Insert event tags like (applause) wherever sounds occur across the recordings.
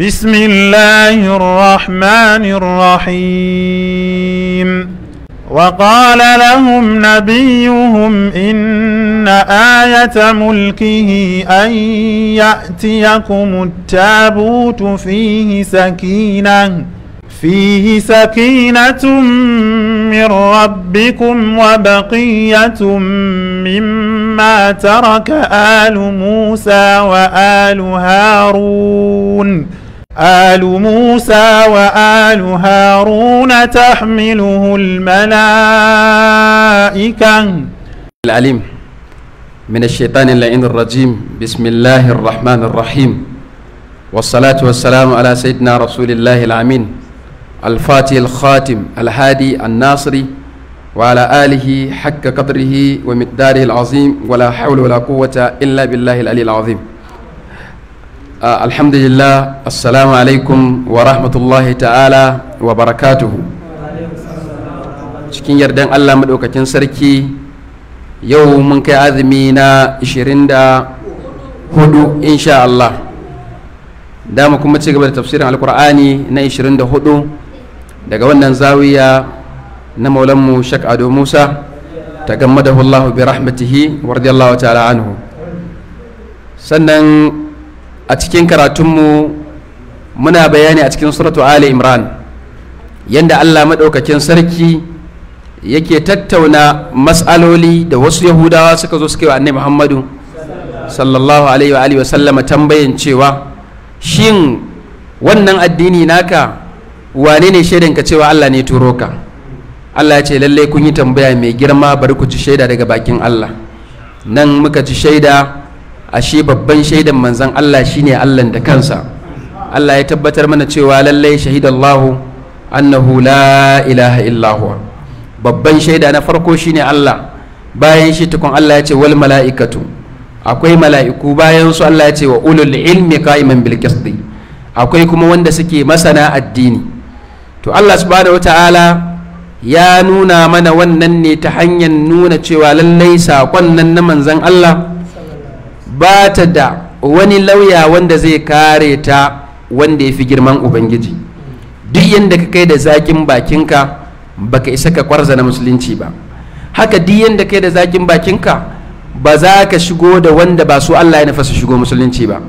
بسم الله الرحمن الرحيم وقال لهم نبيهم إن آية ملكه أن يأتيكم التابوت فيه سكينة فيه سكينة من ربكم وبقية مما ترك آل موسى وآل هارون آل موسى وآل هارون تحمله الملائكة العليم من الشيطان اللعين الرجيم بسم الله الرحمن الرحيم والصلاة والسلام على سيدنا رسول الله العمين الفاتح الخاتم الهادي الناصري وعلى آله حق قدره ومقداره العظيم ولا حول ولا قوة إلا بالله العلي العظيم Uh, alhamdulillah assalamu alaikum wa rahmatullahi ta'ala wa barakatuhu cikin yardan allah maɗaukacin sarki yau mun kai azumi na 24 insha Allah dama kuma ci gaba da tafsirin alkur'ani na 24 daga wannan zawiya na maulanmu shak ado musa ta gammada allahu bi rahmatihi wa ta'ala anhu sannan a cikin karatunmu muna bayani a cikin suratu ali imran yadda allah maɗaukakin sarki yake tattauna matsaloli da wasu yahudawa suka zo suke wa annabi muhammadu sallallahu alaihi wa alihi tambayin cewa shin wannan addini naka wane ne shaidanka cewa allah ne turo ka allah ya ce lallai kun yi tambaya mai girma bari ku ci shaida daga bakin allah nan muka ci shaida ashe babban shaidan manzan Allah shine Allah da kansa Allah ya tabbatar mana cewa lallai shahidallahu annahu la ilaha illahu babban shaida na farko shine Allah bayan shi tukun Allah ya ce wal mala'ikatu akwai mala'iku bayan su Allah ya ce wa ulul ilmi qa'iman bil qisti akwai kuma wanda suke masana addini to Allah subhanahu wataala ya nuna mana wannan ne ta hanyar nuna cewa lallai saƙon nan na manzan Allah ba ta da wani lauya wanda zai kare ta wanda ya fi girman ubangiji duk yadda ka kai da zakin bakinka baka isa ka kwarza na musulunci ba haka duk yadda kai da zakin bakinka ba za ka shigo da wanda ba su Allah ya nafasa shigo musulunci ba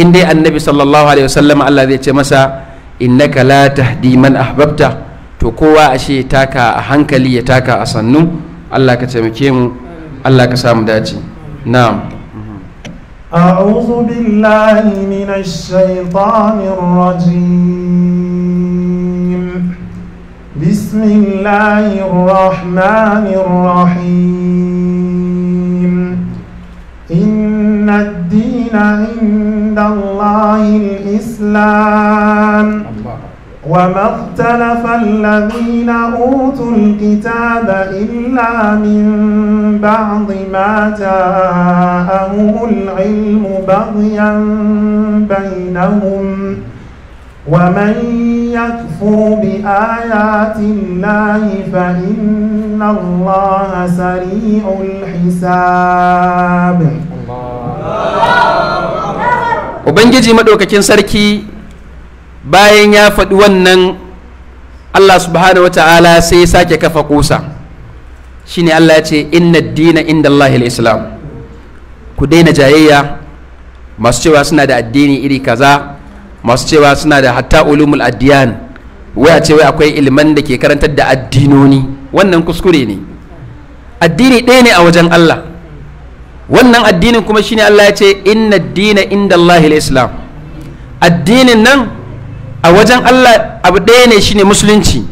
in dai annabi sallallahu alaihi wasallam Allah zai ce masa innaka la tahdi man ahbabta to kowa ashe taka a hankali ya taka a sannu Allah ka taimake mu Allah ka samu dace na'am أعوذ بالله من الشيطان الرجيم بسم الله الرحمن الرحيم إن الدين عند الله الإسلام وما اختلف الذين أوتوا الكتاب إلا من بعض ما جاءهم العلم بغيا بينهم ومن يكفر بآيات الله فإن الله سريع الحساب الله Ubangiji madaukakin bayan ya faɗi wannan Allah subhanahu wa ta'ala sai sake kafa kusa shine Allah ya ce inna dina inda Allah islam ku daina jayayya masu cewa suna da addini iri kaza masu cewa suna da hatta ulumul addiyan waya ce wai akwai ilman da ke karantar da addinoni wannan kuskure ne addini ɗaya ne a wajen Allah wannan addinin kuma shine Allah ya ce inna dina inda Allah islam addinin nan a wajen Allah abu ɗaya ne shine musulunci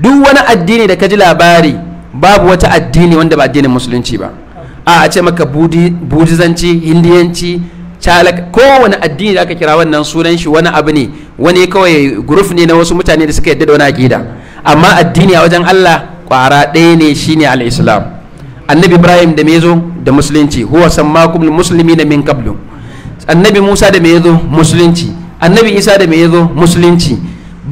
duk wani addini da ka ji labari babu wata addini wanda ba addinin musulunci ba a a ce maka budizanci hindiyanci calak kowane addini da aka kira wannan sunan shi wani abu ne wani kawai guruf ne na wasu mutane da suka yadda da wani aƙida amma addini a wajen Allah kwara ɗaya ne shine al-islam annabi ibrahim da mezo da musulunci huwa sammakum muslimina min qablu annabi musa da mezo musulunci annabi isa da me ya zo musulunci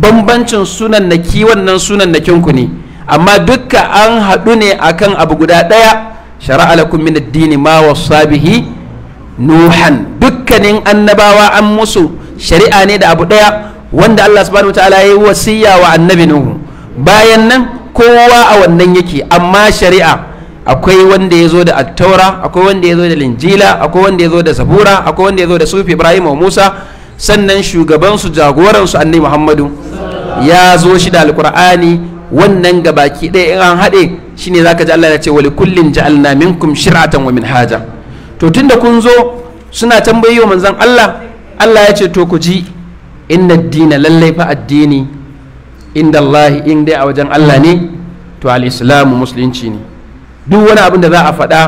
bambancin sunan na kiwon nan sunan na kinku ne amma duka an haɗu ne akan abu guda ɗaya shara'a lakum min addini ma wasa bihi nuhan dukkanin annabawa an musu shari'a ne da abu ɗaya wanda Allah subhanahu wa ta'ala ya yi wasiya wa annabi nuhu bayan nan kowa a wannan yake amma shari'a akwai wanda ya zo da attaura akwai wanda ya zo da linjila akwai wanda ya zo da zabura akwai wanda ya zo da sufi ibrahim wa musa sannan shugabansu jagoransu annai muhammadu ya zo shi da alkur'ani wannan ga baki ɗaya in an haɗe shine zaka ji Allah ya ce wali kullin ja'alna minkum shir'atan wa minhaja to tunda kun zo suna tambayi wa manzon Allah Allah ya ce to ku ji inna dina lallai fa addini inda Allah in dai a wajen Allah ne to al-islamu musulunci ne duk wani abin da za a faɗa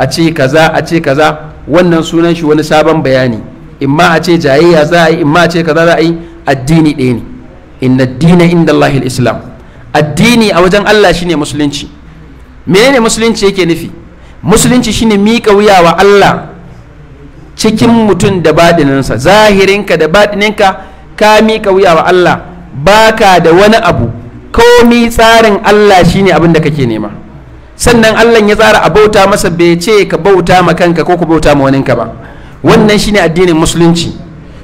a ce kaza a ce kaza wannan sunan shi wani sabon bayani in ma a ce jayayya za a yi in ma a ce kaza za a yi addini ɗaya ne inna dina inda Allahil islam addini a wajen Allah shine musulunci menene musulunci yake nufi musulunci shine miƙa wuya wa Allah cikin mutum da baɗininsa zahirinka da baɗininka ka miƙa wuya wa Allah baka da wani abu komi tsarin Allah shine abin da kake nema sannan Allah ya tsara a bauta masa bai ce ka bauta ma kanka ko ku bauta ma waninka ba wannan shine addinin musulunci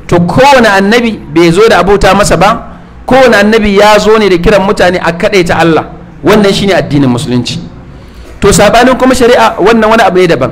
to kowane annabi bai zo da abota masa ba kowane annabi ya zo ne da kiran mutane a kaɗai ta Allah wannan shine addinin musulunci to sabanin kuma shari'a wannan wani abu ne daban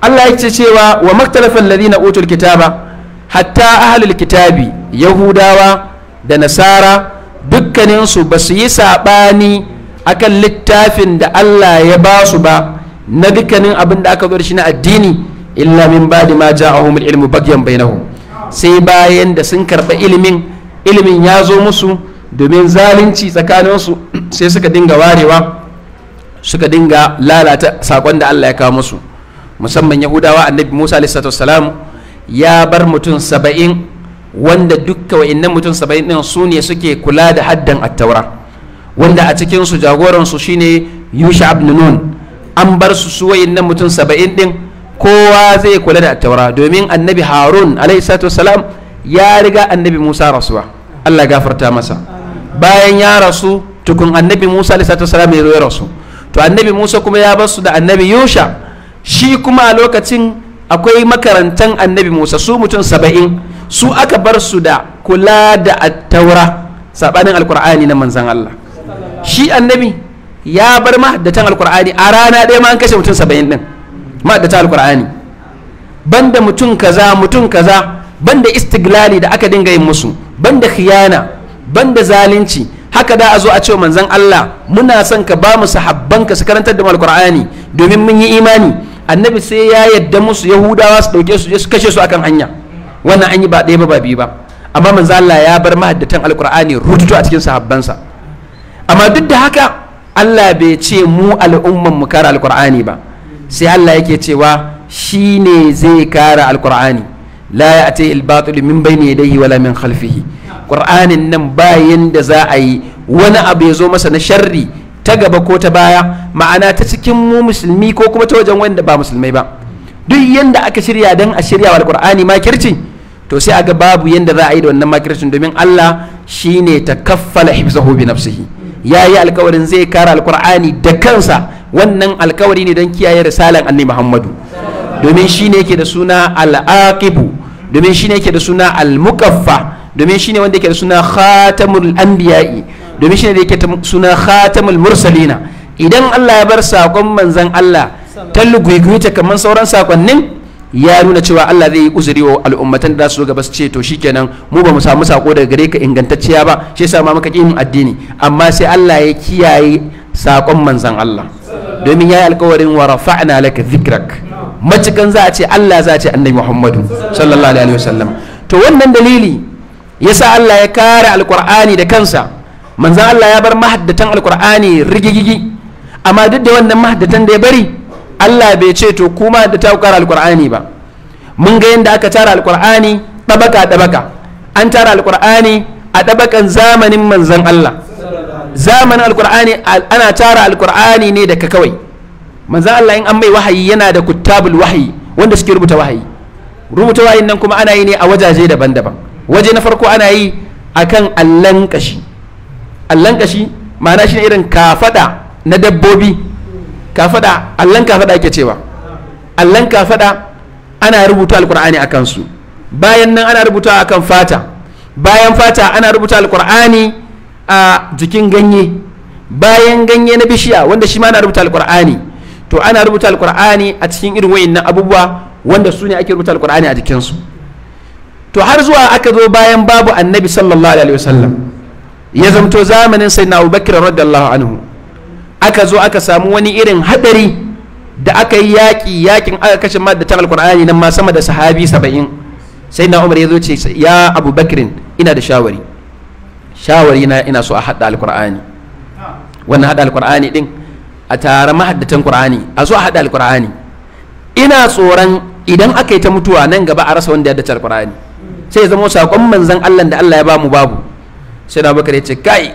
Allah ya ce cewa wa maktalafan ladina utul kitaba hatta ahlul kitabi yahudawa da nasara dukkaninsu ba su yi saɓani akan littafin da Allah ya ba su ba na dukkanin abin da aka zo da shi na addini illa min ba'di ma ja'ahum al-ilmu bagyan bainahum sai bayan da sun karba ilimin ilimin ya zo musu domin zalunci tsakaninsu (clears throat) sai suka dinga warewa suka dinga lalata sakon da Allah ya kawo musu musamman yahudawa annabi musa alaihi ya bar mutum saba'in wanda dukka wa'innan mutum saba'in ɗin su ne suke kula da haddan attaura wanda a cikinsu jagoransu shine yusha ibn nun an bar su su wa'innan mutum saba'in ɗin kowa zai kula da taura domin annabi harun alaihissalatu ya riga annabi musa rasuwa allah gafarta masa bayan ya rasu tukun annabi musa alaihissalatu ya rasu to annabi musa kuma ya basu da annabi yusha shi kuma a lokacin akwai makarantar annabi musa su mutum saba'in su aka bar su da kula da taura sabanin alkur'ani na manzan allah shi annabi ya bar ma da tan alkur'ani a rana ɗaya ma an kashe mutum saba'in din ma'adata alkur'ani banda mutum kaza mutum kaza banda istiglali da aka dinga yin musu banda khiyana banda zalunci haka da a zo a ce manzon Allah muna son ka ba mu ka su karantar da alkur'ani domin mun yi imani annabi sai ya yadda musu yahudawa su dauke su je su kashe su akan hanya wannan an yi ba ɗaya ba biyu ba amma manza Allah ya bar mahaddatan alkur'ani rututu a cikin sahabbansa amma duk da haka Allah bai ce mu al'umman mu kara alkur'ani ba sai Allah yake cewa shi ne zai kara alkur'ani la ya ate ilbatul min bayni yadayhi wala min khalfihi qur'anin nan bayan da za a yi wani abu ya zo masa na sharri ta gaba ko ta baya ma'ana ta cikin mu musulmi ko kuma ta wajen wanda ba musulmai ba duk yanda aka shirya dan a shirya wa alkur'ani makirci to sai ga babu yanda za a yi da wannan makircin domin Allah shine kaffala hifzahu bi nafsihi yayi alkawarin zai kara alkur'ani da kansa wannan alkawari ne don kiyaye risalan annabi muhammadu domin shi ne yake da suna al'aqibu domin shi ne yake da suna al domin shi ne wanda yake da suna khatamul anbiya'i domin shi ne da yake da suna khatamul mursalina idan Allah ya bar sakon manzan Allah ta lugwigwita kamar sauran sakonnin ya nuna cewa Allah zai yi uzuri wa al'ummatan da su gaba su ce to shikenan mu ba mu samu sako daga gare ka ingantacciya ba shi yasa ma muka yin addini amma sai Allah ya kiyaye sakon manzan Allah domin ya yi alkawarin wa rafa'na laka dhikrak macikan za a ce Allah za a ce annabi Muhammadu sallallahu alaihi wasallam to wannan dalili yasa Allah ya kare alkur'ani da kansa manzan Allah ya bar mahaddatan alkur'ani rigigigi amma duk da wannan mahaddatan da ya bari Allah bai ce to kuma da ta kare alkur'ani ba mun ga yadda aka tara alkur'ani ɗabaka ɗabaka an tara alkur'ani a ɗabakan zamanin manzan Allah zamanin alkur'ani ana tara alkur'ani ne daga kawai manzan Allah in an mai wahayi yana da kuttabul wahayi wanda suke rubuta wahayi rubuta wahayin nan kuma ana yi ne a wajaje daban-daban waje na farko ana yi akan allan kashi allan kashi ma'ana ne irin kafada na dabbobi kafada allan kafada ake cewa allan kafada ana rubuta alkur'ani a kansu. bayan nan ana rubuta a kan fata bayan fata ana rubuta alkur'ani a jikin ganye bayan ganye na bishiya wanda shi ma na rubuta alkur'ani to ana rubuta alkur'ani a cikin irin wayannan abubuwa wanda su ne ake rubuta alkur'ani a jikinsu to har zuwa aka zo bayan babu annabi sallallahu alaihi wasallam ya zamto zamanin sayyidina abubakar radiyallahu anhu aka zo aka samu wani irin hadari da aka yi yaƙi yaƙin aka kashe ma alkur'ani nan ma sama da sahabi saba'in sai na umar ya zo ce ya abubakar ina da shawari shawari na ina so a hada Alƙur'ani wannan hada Alƙur'ani din a tare mahaddatan qur'ani a zo a hada Alƙur'ani ina tsoron idan aka yi ta mutuwa nan gaba a rasa wanda ya dace Alƙur'ani sai ya zama sakon manzan Allah da Allah ya ba mu babu sai na bakar ya ce kai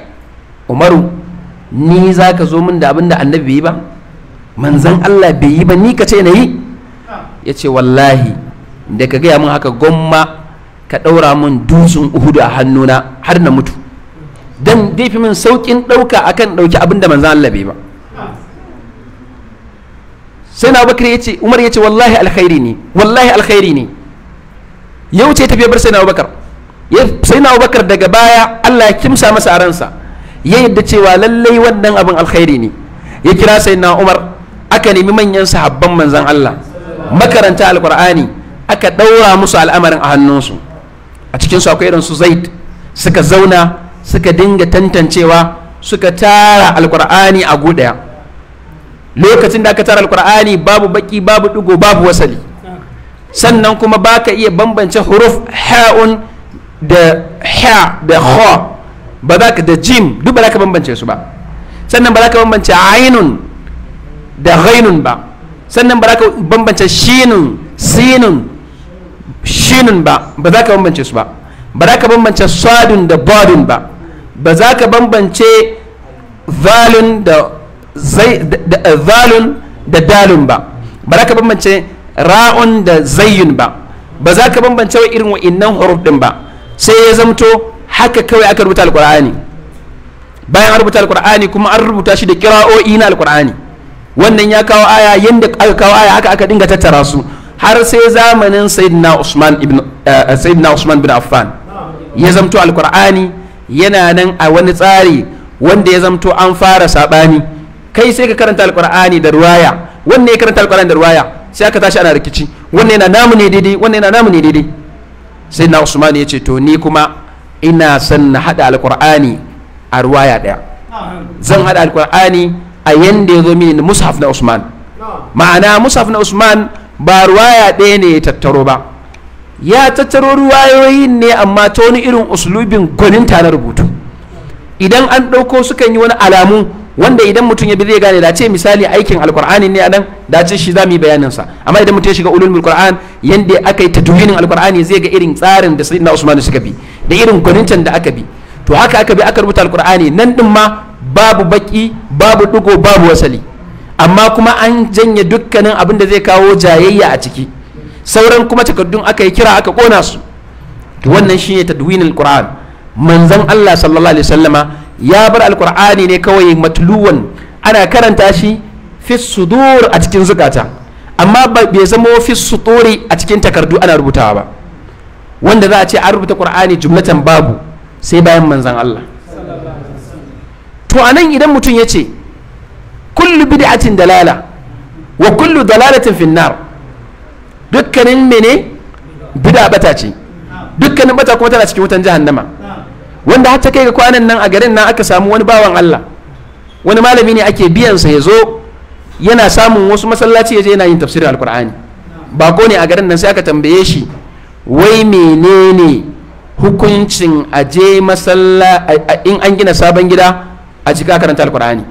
umaru ni za ka zo min da abin da annabi bai yi ba manzan Allah bai yi ba ni ka ce na yi ya wallahi da ka gaya mun haka gwamma ka ɗaura mun dutsen uhudu a hannuna har na mutu dan zai fi min saukin ɗauka akan ɗauki abin da manzan Allah bai ba sai na bakar ya ce umar ya ce wallahi alkhairi ne wallahi alkhairi ne ya wuce tafiya bar sai na bakar sai na bakar daga baya Allah ya kimsa masa a ransa ya yadda cewa lallai wannan abin alkhairi ne ya kira sai na umar aka nemi manyan sahabban manzan Allah makaranta alkur'ani aka ɗaura musu al'amarin a hannunsu a cikinsu akwai irin su zaid suka zauna suka dinga tantancewa suka tara alkur'ani a guɗaya lokacin da aka tara alkur'ani babu baki babu digo babu wasali sannan kuma baka iya bambance huruf ha'un da ha da kha ba za ka da jim duk ba za ka bambance su ba sannan ba za ka bambance ainun da ghainun ba sannan ba za ka bambance shinun sinun shinun ba ba za ka bambance su ba ba za ka bambance sadun da badun ba ba za ka bambance zalun eh, da dalun ba ba za ka bambance ra'un da zayyun ba ba za ka bambance wa irin wa'innan huruf din ba sai ya zamto haka kawai aka rubuta alkur'ani bayan an rubuta alkur'ani kuma an rubuta shi da kira'o'i na alkur'ani wannan ya kawo aya yadda aka kawo aya haka aka dinga tattara su har sai zamanin sayyidina usman eh, eh, usman bin affan ya zamto alkur'ani yana nan a wani tsari wanda ya zamto an fara saɓani kai sai ka karanta alkur'ani da ruwaya wanne ya karanta alkur'ani da ruwaya sai aka tashi ana rikici wanne yana namu ne daidai wanne yana namu ne daidai sai na usman ya ce to ni kuma ina son na haɗa alkur'ani a ruwaya ɗaya zan haɗa alkur'ani a yanda ya zo mini mushaf na usman ma'ana mushaf na usman ba ruwaya ɗaya ne ya tattaro ba ya tattaro ruwayoyin ne amma ta wani irin uslubin gwaninta na rubutu idan an ɗauko sukan yi wani alamu wanda idan mutum ya bi zai gane dace misali aikin alkur'ani ne anan dace shi za mu yi bayaninsa amma idan mutum ya shiga ulumul qur'an yanda aka yi ta tuhinin alkur'ani zai ga irin tsarin da sayyidina usman suka bi da irin gwanintan da aka bi to haka aka bi aka rubuta alkur'ani nan din ma babu baki babu dugo babu wasali amma kuma an janye dukkanin abin da zai kawo jayayya a ciki sauran kuma takaddun aka yi kira aka kona su wannan shi ne tadwinul qur'an manzan Allah sallallahu alaihi wasallama ya bar alqur'ani ne kawai matuluwan ana karanta shi fi sudur a cikin zukata amma bai zama fi a cikin takardu ana rubutawa ba wanda za a ce an rubuta qur'ani jumlatan babu sai bayan manzon Allah to anan idan mutum ya ce kullu bid'atin dalala wa kullu dalalatin finnar dukkanin mene bida bata ce dukkanin bata kuma tana cikin wutan jahannama wanda har ta kai ga kwanan nan a garin nan aka samu wani bawan Allah wani malami ne ake biyan sa ya zo yana samun wasu masallaci ya je yana yin tafsirin alkur'ani ko ne a garin nan sai aka tambaye shi wai menene hukuncin aje masalla in an gina sabon gida a cika karanta alkur'ani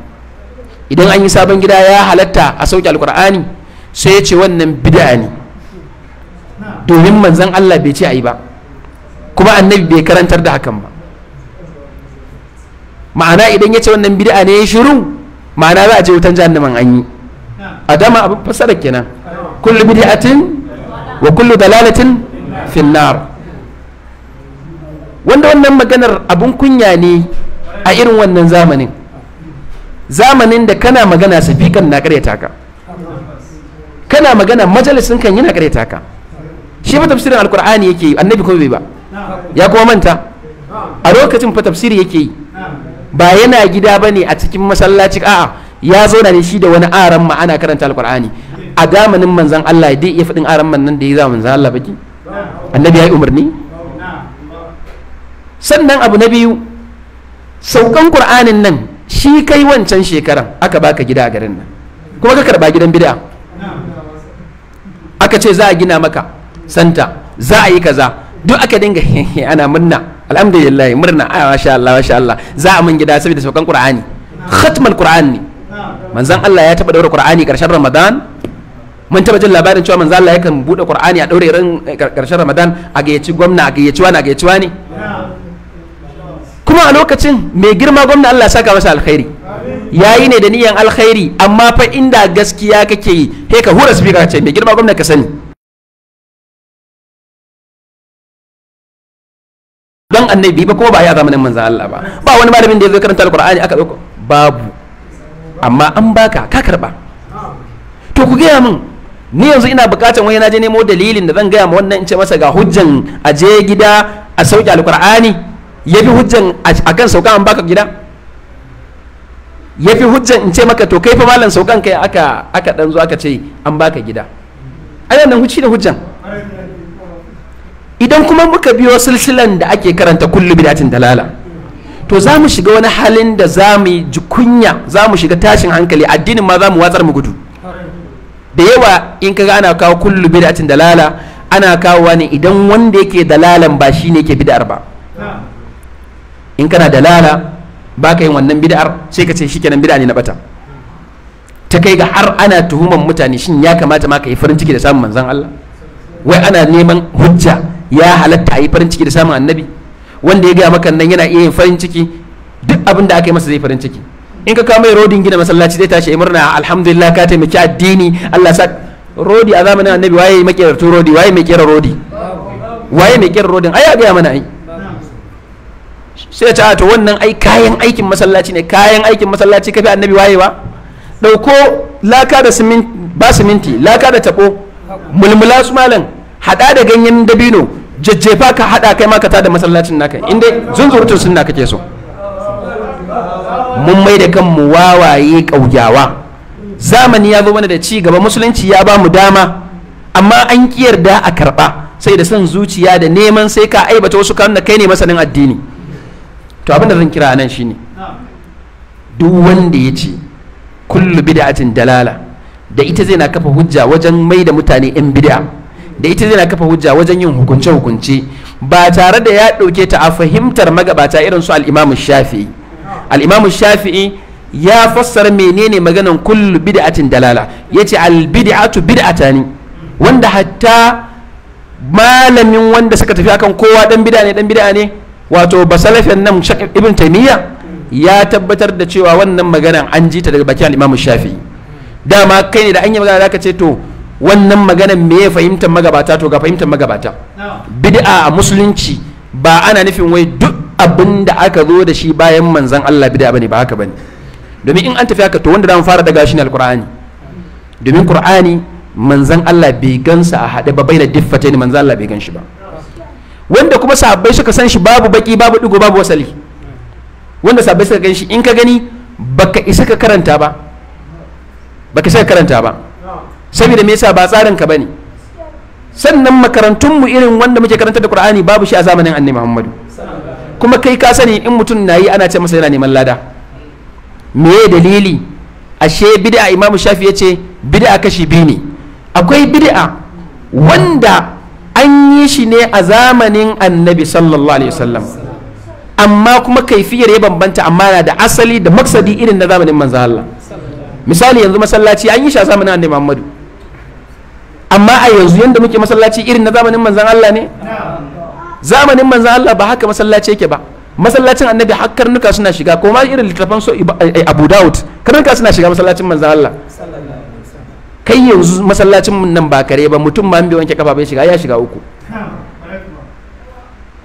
idan an yi sabon gida ya halatta a sauke alkur'ani sai ya ce wannan bid'a ne domin manzan Allah bai ce a yi ba kuma annabi bai karantar da hakan ba ma'ana idan ya ce wannan bid'a ne ya shiru ma'ana za a je wutan jahannaman an yi a dama abin fasara kenan kullu bid'atin wa kullu dalalatin finnar wanda wannan maganar abun kunya ne a irin wannan zamanin zamanin da kana magana sifikan na karyata ka kana magana majalisin kan yana karyata ka shi fa tafsirin alkur'ani yake yi annabi kuma bai ba ya kuma manta a lokacin fa tafsiri yake yi ba yana gida ba ne a cikin masallaci a'a ya zauna ne shi da wani aran ma ana karanta alkur'ani a zamanin manzan Allah dai ya faɗin aran man nan da ya zama manzan Allah baki annabi ya yi umarni sannan abu na biyu saukan qur'anin nan shi kai wancan shekaran aka baka gida a garin nan kuma ka karba gidan bid'a aka ce za a gina maka santa za a yi kaza duk aka dinga (laughs) ana murna alhamdulillah murna a ah, masha Allah masha Allah za a mun gida saboda saukan qur'ani khatmal qur'ani manzon Allah ya taba daura qur'ani karshen ramadan mun taba jin labarin cewa manzo Allah yakan bude Qur'ani a daure ran karshen eh, Ramadan a gayyaci gwamna a gayyaci wani a gayyaci wani kuma a lokacin mai girma gwamna Allah saka masa alkhairi yayi ne da niyan alkhairi amma fa inda gaskiya kake yi he ka hura speaker ka ce mai girma gwamna ka sani don annabi ba kuma ba ya zamanin manzan Allah ba ba wani malamin da ya zo karanta alkur'ani aka ɗauka babu amma an baka ka karba to ku gaya min ni yanzu ina bukatan wani je nemo dalilin da zan gaya ma wannan in ce masa ga hujjan a je gida a sauke alkur'ani ya fi hujjan a kan sauka an baka gida ya fi hujjan in ce maka to kai fa malam saukan kai aka aka dan zo aka ce an baka gida ai nan huci da hujjan idan kuma muka biyo silsilan da ake karanta kullu bidatin dalala to za mu shiga wani halin da za mu ji kunya za mu shiga tashin hankali addinin ma za mu watsar mu gudu da yawa in kaga ana kawo kullu bidatin dalala ana kawo ne idan wanda yake dalalan ba shine ke bid'ar ba in kana dalala ba ka yin wannan bid'ar sai ka ce shikenan bid'a ne na bata ta kai ga har ana tuhuman mutane shin ya kamata ma ka yi farin ciki da samun manzon Allah wai ana neman hujja ya halatta a yi farin ciki da samun annabi wanda ya gaya maka nan yana iya yin farin ciki duk abin da aka yi masa zai farin ciki in ka kama rodin gina masallaci zai tashi murna alhamdulillah ka taimaki addini Allah sa rodi a zamanin annabi waye mai kera rodi waye mai kera rodi waye mai kera rodin ai ya gaya mana ai sai ta to wannan ai kayan aikin masallaci ne kayan aikin masallaci kafi annabi wa dauko laka da siminti ba siminti laka da tabo mulmula su malam hada da ganyen dabino jajjefa ka hada kai ma ka tada masallacin naka inda zunzurutun sunna kake so mun mai da kanmu wawaye kauyawa zamani ya zo mana da ci gaba musulunci ya ba mu dama amma an kiyarda a karba sai da son zuciya da neman sai ka aibata wasu kan da kai ne masanin addini to abin da zan kira nan shine duk wanda ya ce kullu bid'atin dalala da ita zai na kafa hujja wajen mai da mutane 'yan bid'a da ita zai kafa hujja wajen yin hukunce hukunce ba tare da ya ɗauke ta a fahimtar magabata irin su al'imamu shafi'i al'imamu shafi'i ya fassara menene maganan kullu bid'atin dalala ya ce albid'atu bid'ata ne wanda hatta malamin wanda suka tafi akan kowa dan bid'a ne dan bid'a ne wato basalafin nan ibn taymiya ya tabbatar da cewa wannan maganan an ji ta daga bakin al'imamu shafi'i dama kai ne da an yi magana zaka ce to wannan maganan me ya fahimtar magabata to ga fahimtar magabata bid'a a musulunci ba ana nufin wai duk abin da aka zo da shi bayan manzan Allah bid'a bane ba haka bane domin in an tafi haka to wanda zamu fara daga shi ne alqur'ani domin qur'ani manzan Allah bai gansa a haɗe ba baina ne manzan Allah bai ganshi ba wanda kuma sahabbai suka san shi babu baki babu digo babu wasali wanda sahabbai suka ganshi in ka gani baka isa ka karanta ba baka isa ka karanta ba saboda me yasa ba tsarin ka bane sannan makarantun mu irin wanda muke karanta da Qur'ani babu shi a zamanin Annabi Muhammadu kuma kai ka sani in mutum na yi ana ce masa yana neman lada me dalili ashe bid'a Imam Shafi yace bid'a kashi biyu ne akwai bid'a wanda an yi shi ne a zamanin Annabi sallallahu alaihi wasallam amma kuma kaifiyar ya bambanta amma na da asali da maksadi irin na zamanin manzo Allah misali yanzu masallaci an yi shi a zamanin Annabi Muhammadu amma a yanzu yadda muke masallaci irin na zamanin manzan Allah ne zamanin manzan Allah ba haka masallaci yake ba masallacin annabi har karnuka suna shiga ko ma irin littafan so eh, eh, Abu Dawud karnuka suna shiga masallacin manzan Allah kai yanzu masallacin nan ba kare ba mutum ma bai wanke kafa bai shiga ya shiga uku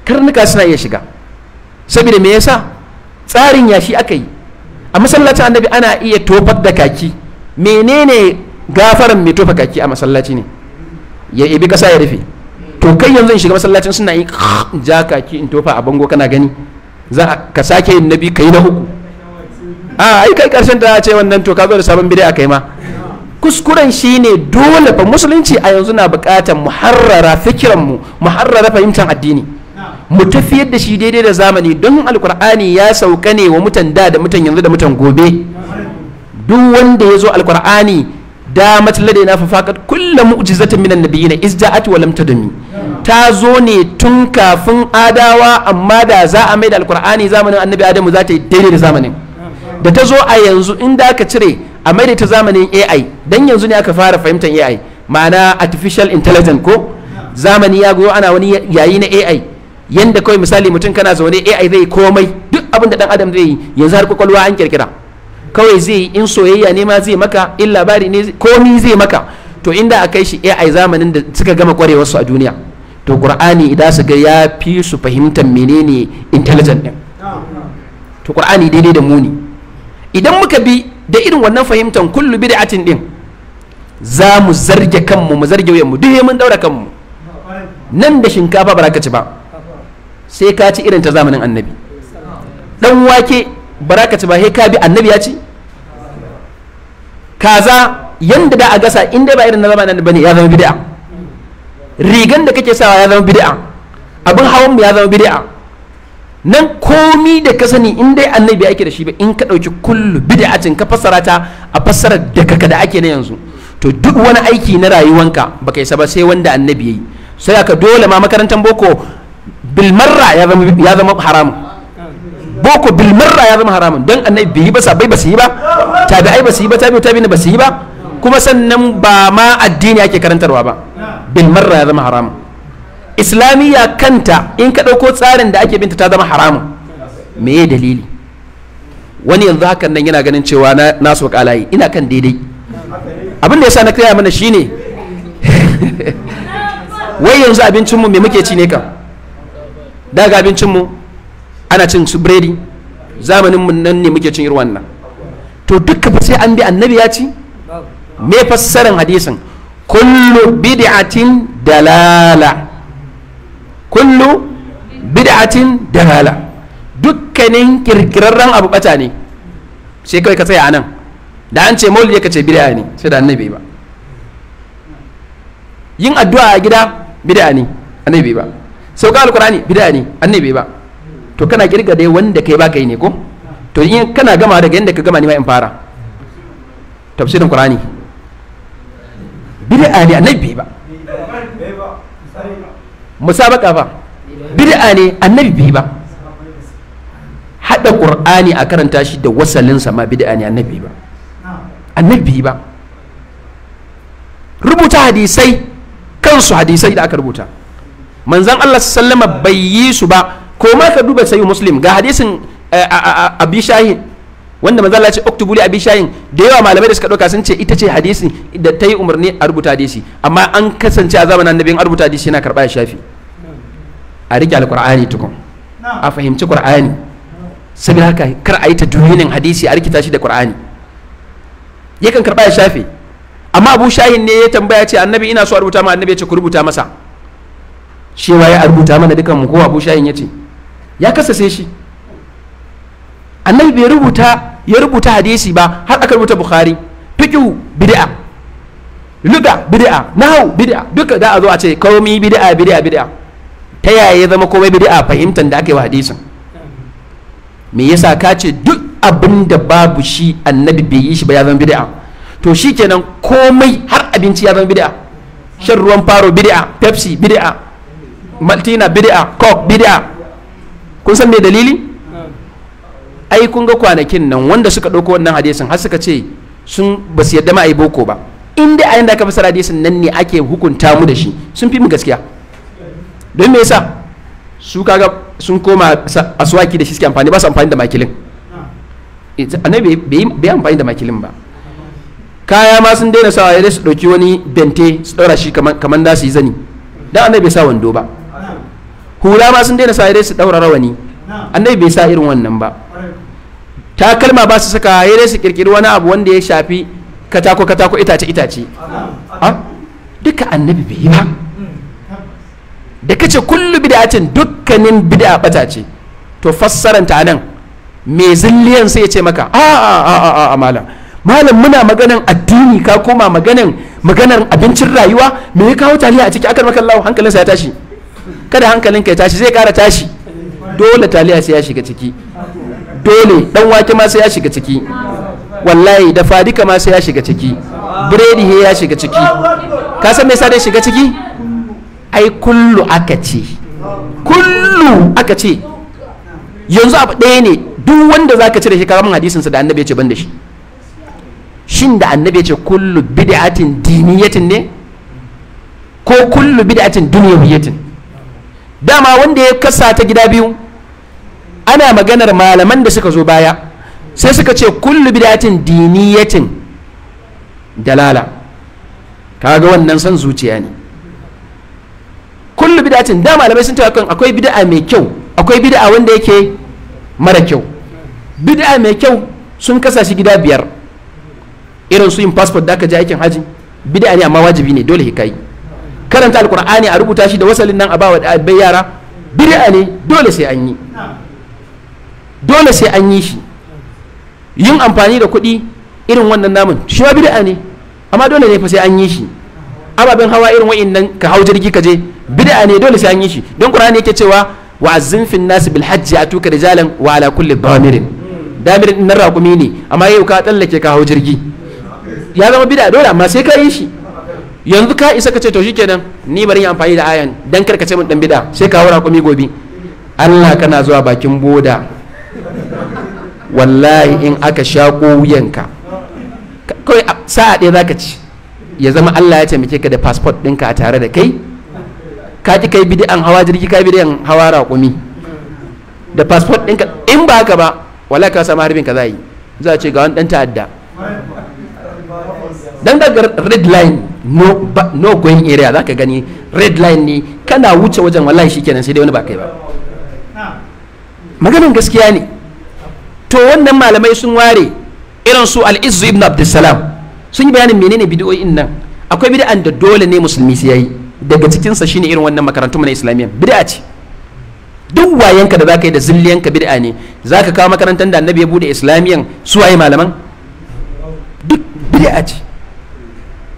karnuka suna iya shiga saboda me yasa tsarin yashi aka yi a masallacin annabi ana iya tofar da kaki menene gafaran mai tofa kaki a masallaci ne ya ibi kasa ya rufe to kai yanzu in shiga masallacin suna yi ja kaki in tofa a bango kana gani za ka sake yin nabi kai na uku a ai kai karshen da ce wannan to ka zo da sabon bid'a kai ma kuskuren shine dole fa musulunci a yanzu na bukatar muharrara fikiran mu muharrara fahimtar addini mu tafiyar da shi daidai da zamani don alkur'ani ya sauka ne wa mutan da da mutan yanzu da mutan gobe duk wanda ya zo alkur'ani damat ina fafa faqat kullu mu'jizatin minan nabiyina izja'at wa lam tadmi ta zo ne tun kafin adawa amma da za a mai da alkur'ani zamanin annabi adamu za ta yi daidai da zamanin da ta zo a yanzu inda aka cire a mai da ta zamanin ai dan yanzu ne aka fara fahimtar ai ma'ana artificial intelligence ko zamani ya goyo ana wani yayi na ai yanda kawai misali mutum kana zaune ai zai komai duk abin da dan adam zai yi yanzu har kwakwalwa an kirkira kawai zai in soyayya ne ma zai maka in labari ne komi zai maka to inda a kai shi AI zamanin da suka gama kwarewar su a duniya to Qur'ani idan su ga ya fi su fahimtar menene intelligent din to Qur'ani daidai da muni idan muka bi da irin wannan fahimtar kullu bid'atin din za mu zarge kanmu mu zarge wayanmu duk mun daura kanmu nan da shinkafa ba ka ci ba sai ka ci irin ta zamanin annabi dan wake ba ka ci ba sai ka bi annabi ya ci kaza yanda da a gasa in dai ba irin na zamanin bane ya zama bid'a rigan da kake sawa ya zama bid'a abin hawan mu ya zama bid'a nan komi da ka sani in dai annabi ake da shi ba in ka dauki kullu bid'atin ka fassara ta a fassarar da kaka da ake na yanzu to duk wani aiki na rayuwanka ba kai saba sai wanda annabi yayi sai ka dole ma makarantar boko bilmarra ya zama haramun boko bil marra ya zama haramun dan annabi bai yi ba sabai ba su yi ba tabi'ai ba su yi ba tabi'u ba su yi ba kuma sannan ba ma addini ake karantarwa ba bil marra ya zama haramun islamiyya kanta in ka ɗauko tsarin da ake binta ta zama haramun me ya dalili wani yanzu hakan nan yana ganin cewa na so kalaye ina kan daidai abin da yasa na kaya mana shine (laughs) wai yanzu abincinmu me muke ci ne kan daga abincinmu ana cin su biredi zamanin mun nan ne muke cin irwan nan to dukka fa sai an bi annabi ya ci me fassaran hadisin kullu bid'atin dalala kullu bid'atin dalala dukkanin kirkirarren abu bata ne sai kawai ka tsaya anan da an ce maulidi ka ce bid'a ne sai da annabi ba yin addu'a a gida bid'a ne annabi ba sauka alqur'ani bid'a ne annabi ba to kana kirga dai wanda kai baka yi ne ko to in kana gama daga yanda ka gama ne ma in fara tafsirin qur'ani bid'a ne annabi bai ba musabaka ba bid'a ne annabi bai ba hada qur'ani a karanta shi da wasalin sa ma bid'a ne annabi ba annabi ba rubuta hadisai kansu hadisai da aka rubuta manzan Allah sallama bai yi su ba ko ma ka duba sayu muslim ga hadisin eh, abi shahin wanda manzo Allah ya ce oktubuli abi shahin da yawa malamai da suka dauka sun ce ita ce hadisi da ta yi umarni a rubuta hadisi amma an kasance a zamanin annabi an rubuta hadisi yana karba ya shafi a rike alqur'ani tukun a fahimci qur'ani saboda haka kar a yi ta duhinin hadisi a rikita shi da qur'ani yakan karba ya shafi amma abu shahin ne ya tambaya ce annabi ina so a rubuta ma annabi ya ce ku rubuta masa shi ya rubuta mana dukan mu ko abu shahin ya ce ya kasase shi annabi bai rubuta ya rubuta hadisi ba har aka rubuta bukhari fiqh bid'a luga bid'a nahwu bid'a duka da a zo a ce komi bid'a bid'a bid'a ta yaya ya zama komai bid'a fahimtar da aka yi wa hadisin me yasa ka ce duk abinda babu shi annabi bai yi shi ba ya zama bid'a to shikenan komai har abinci ya zama bid'a shan ruwan faro bid'a pepsi bid'a maltina bid'a coke bid'a kun san me dalili ai kun ga kwanakin nan wanda suka ɗauko wannan hadisin har suka ce sun ba su yadda ma a yi boko ba inda a yanda aka fasar hadisin nan ne ake hukunta mu da shi sun fi mu gaskiya don me yasa su kaga sun koma aswaki da shi suke amfani ba su amfani da makilin annabi bai amfani da makilin ba kaya ma sun daina sawa ya su ɗauki wani bente su daura shi kaman da su yi zani dan annabi bai sa wando ba hula ma sun daina sa dai su daura rawani annabi bai sa irin wannan ba takalma ba su saka yare su kirkiri wani abu wanda ya shafi katako katako itace itace ah, duka annabi bai yi ba da kace kullu bid'atin dukkanin bid'a bata ce to ta nan me zilliyan sai ya ce maka a a a a malam malam muna maganan addini ka koma maganan maganar abincin rayuwa me ya kawo taliya a ciki akar maka Allah hankalinsa ya tashi kada hankalin ka ya tashi zai kara tashi dole taliya sai ya shiga ciki dole dan wake ma sai ya shiga ciki wallahi da fadika ma sai ya shiga ciki biredi he ya shiga ciki ka san me yasa dai shiga ciki ai kullu aka ce kullu aka ce yanzu abu ɗaya ne duk wanda za zaka cire shi karamin hadisin sa da annabi ya ce ban da shi shin da annabi ya ce kullu bid'atin diniyatin ne ko kullu bid'atin dunyawiyatin dama wanda ya kasa ta gida biyu ana maganar malaman da suka zo baya sai suka ce kullu bidatin diniyatin dalala kaga wannan san zuciya ne kullu bidatin da malamai sun tawakan akwai bid'a mai kyau akwai bid'a wanda yake mara kyau bid'a mai kyau sun kasa shi gida biyar irin su yin passport da aka je aikin haji bid'a ne amma wajibi ne dole hikayi karanta alkur'ani a rubuta shi da wasalin nan a bawa bai yara bid'a ne dole sai an yi dole sai an yi shi yin amfani da kuɗi irin wannan namun shi ma bid'a ne amma dole ne fa sai an yi shi ababen hawa irin wa'annan ka hau jirgi ka je bid'a ne dole sai an yi shi don qur'ani yake cewa wa fin nasi bil hajji atuka rijalan wa ala kulli damirin damirin nan raƙumi ne amma yau ka tsallake ka hau jirgi ya zama bid'a dole amma sai ka yi shi yanzu ka isa ka ce to shikenan ni bari yi amfani da ayan dan kar ka ce min dan bid'a sai ka haura komi gobe Allah kana zuwa bakin boda wallahi in aka shaƙo wuyanka kai sa'a ɗaya zaka ci ya zama Allah ya taimake ka da passport ɗinka a tare da kai ka ki kai bid'an hawa jirgi ka bid'an hawa raƙumi da passport ɗinka in ba ka ba wallahi ka samu harbin ka za yi za a ce ga wani ɗan ta'adda dan daga red line no no going area zaka gani red line ne kana wuce wajen wallahi shikenan sai dai wani ba kai ba maganin gaskiya ne to wannan malamai sun ware irin su al-izzu ibn abdussalam sun yi bayanin menene bid'o'in nan akwai bid'an da dole ne musulmi su yayi daga cikin sa shine irin wannan makarantu na islamiyya bid'a ce duk wayanka da ka yi da zilliyanka bid'a ne zaka kawo makarantar da annabi ya bude islamiyyan su waye malaman duk bid'a ce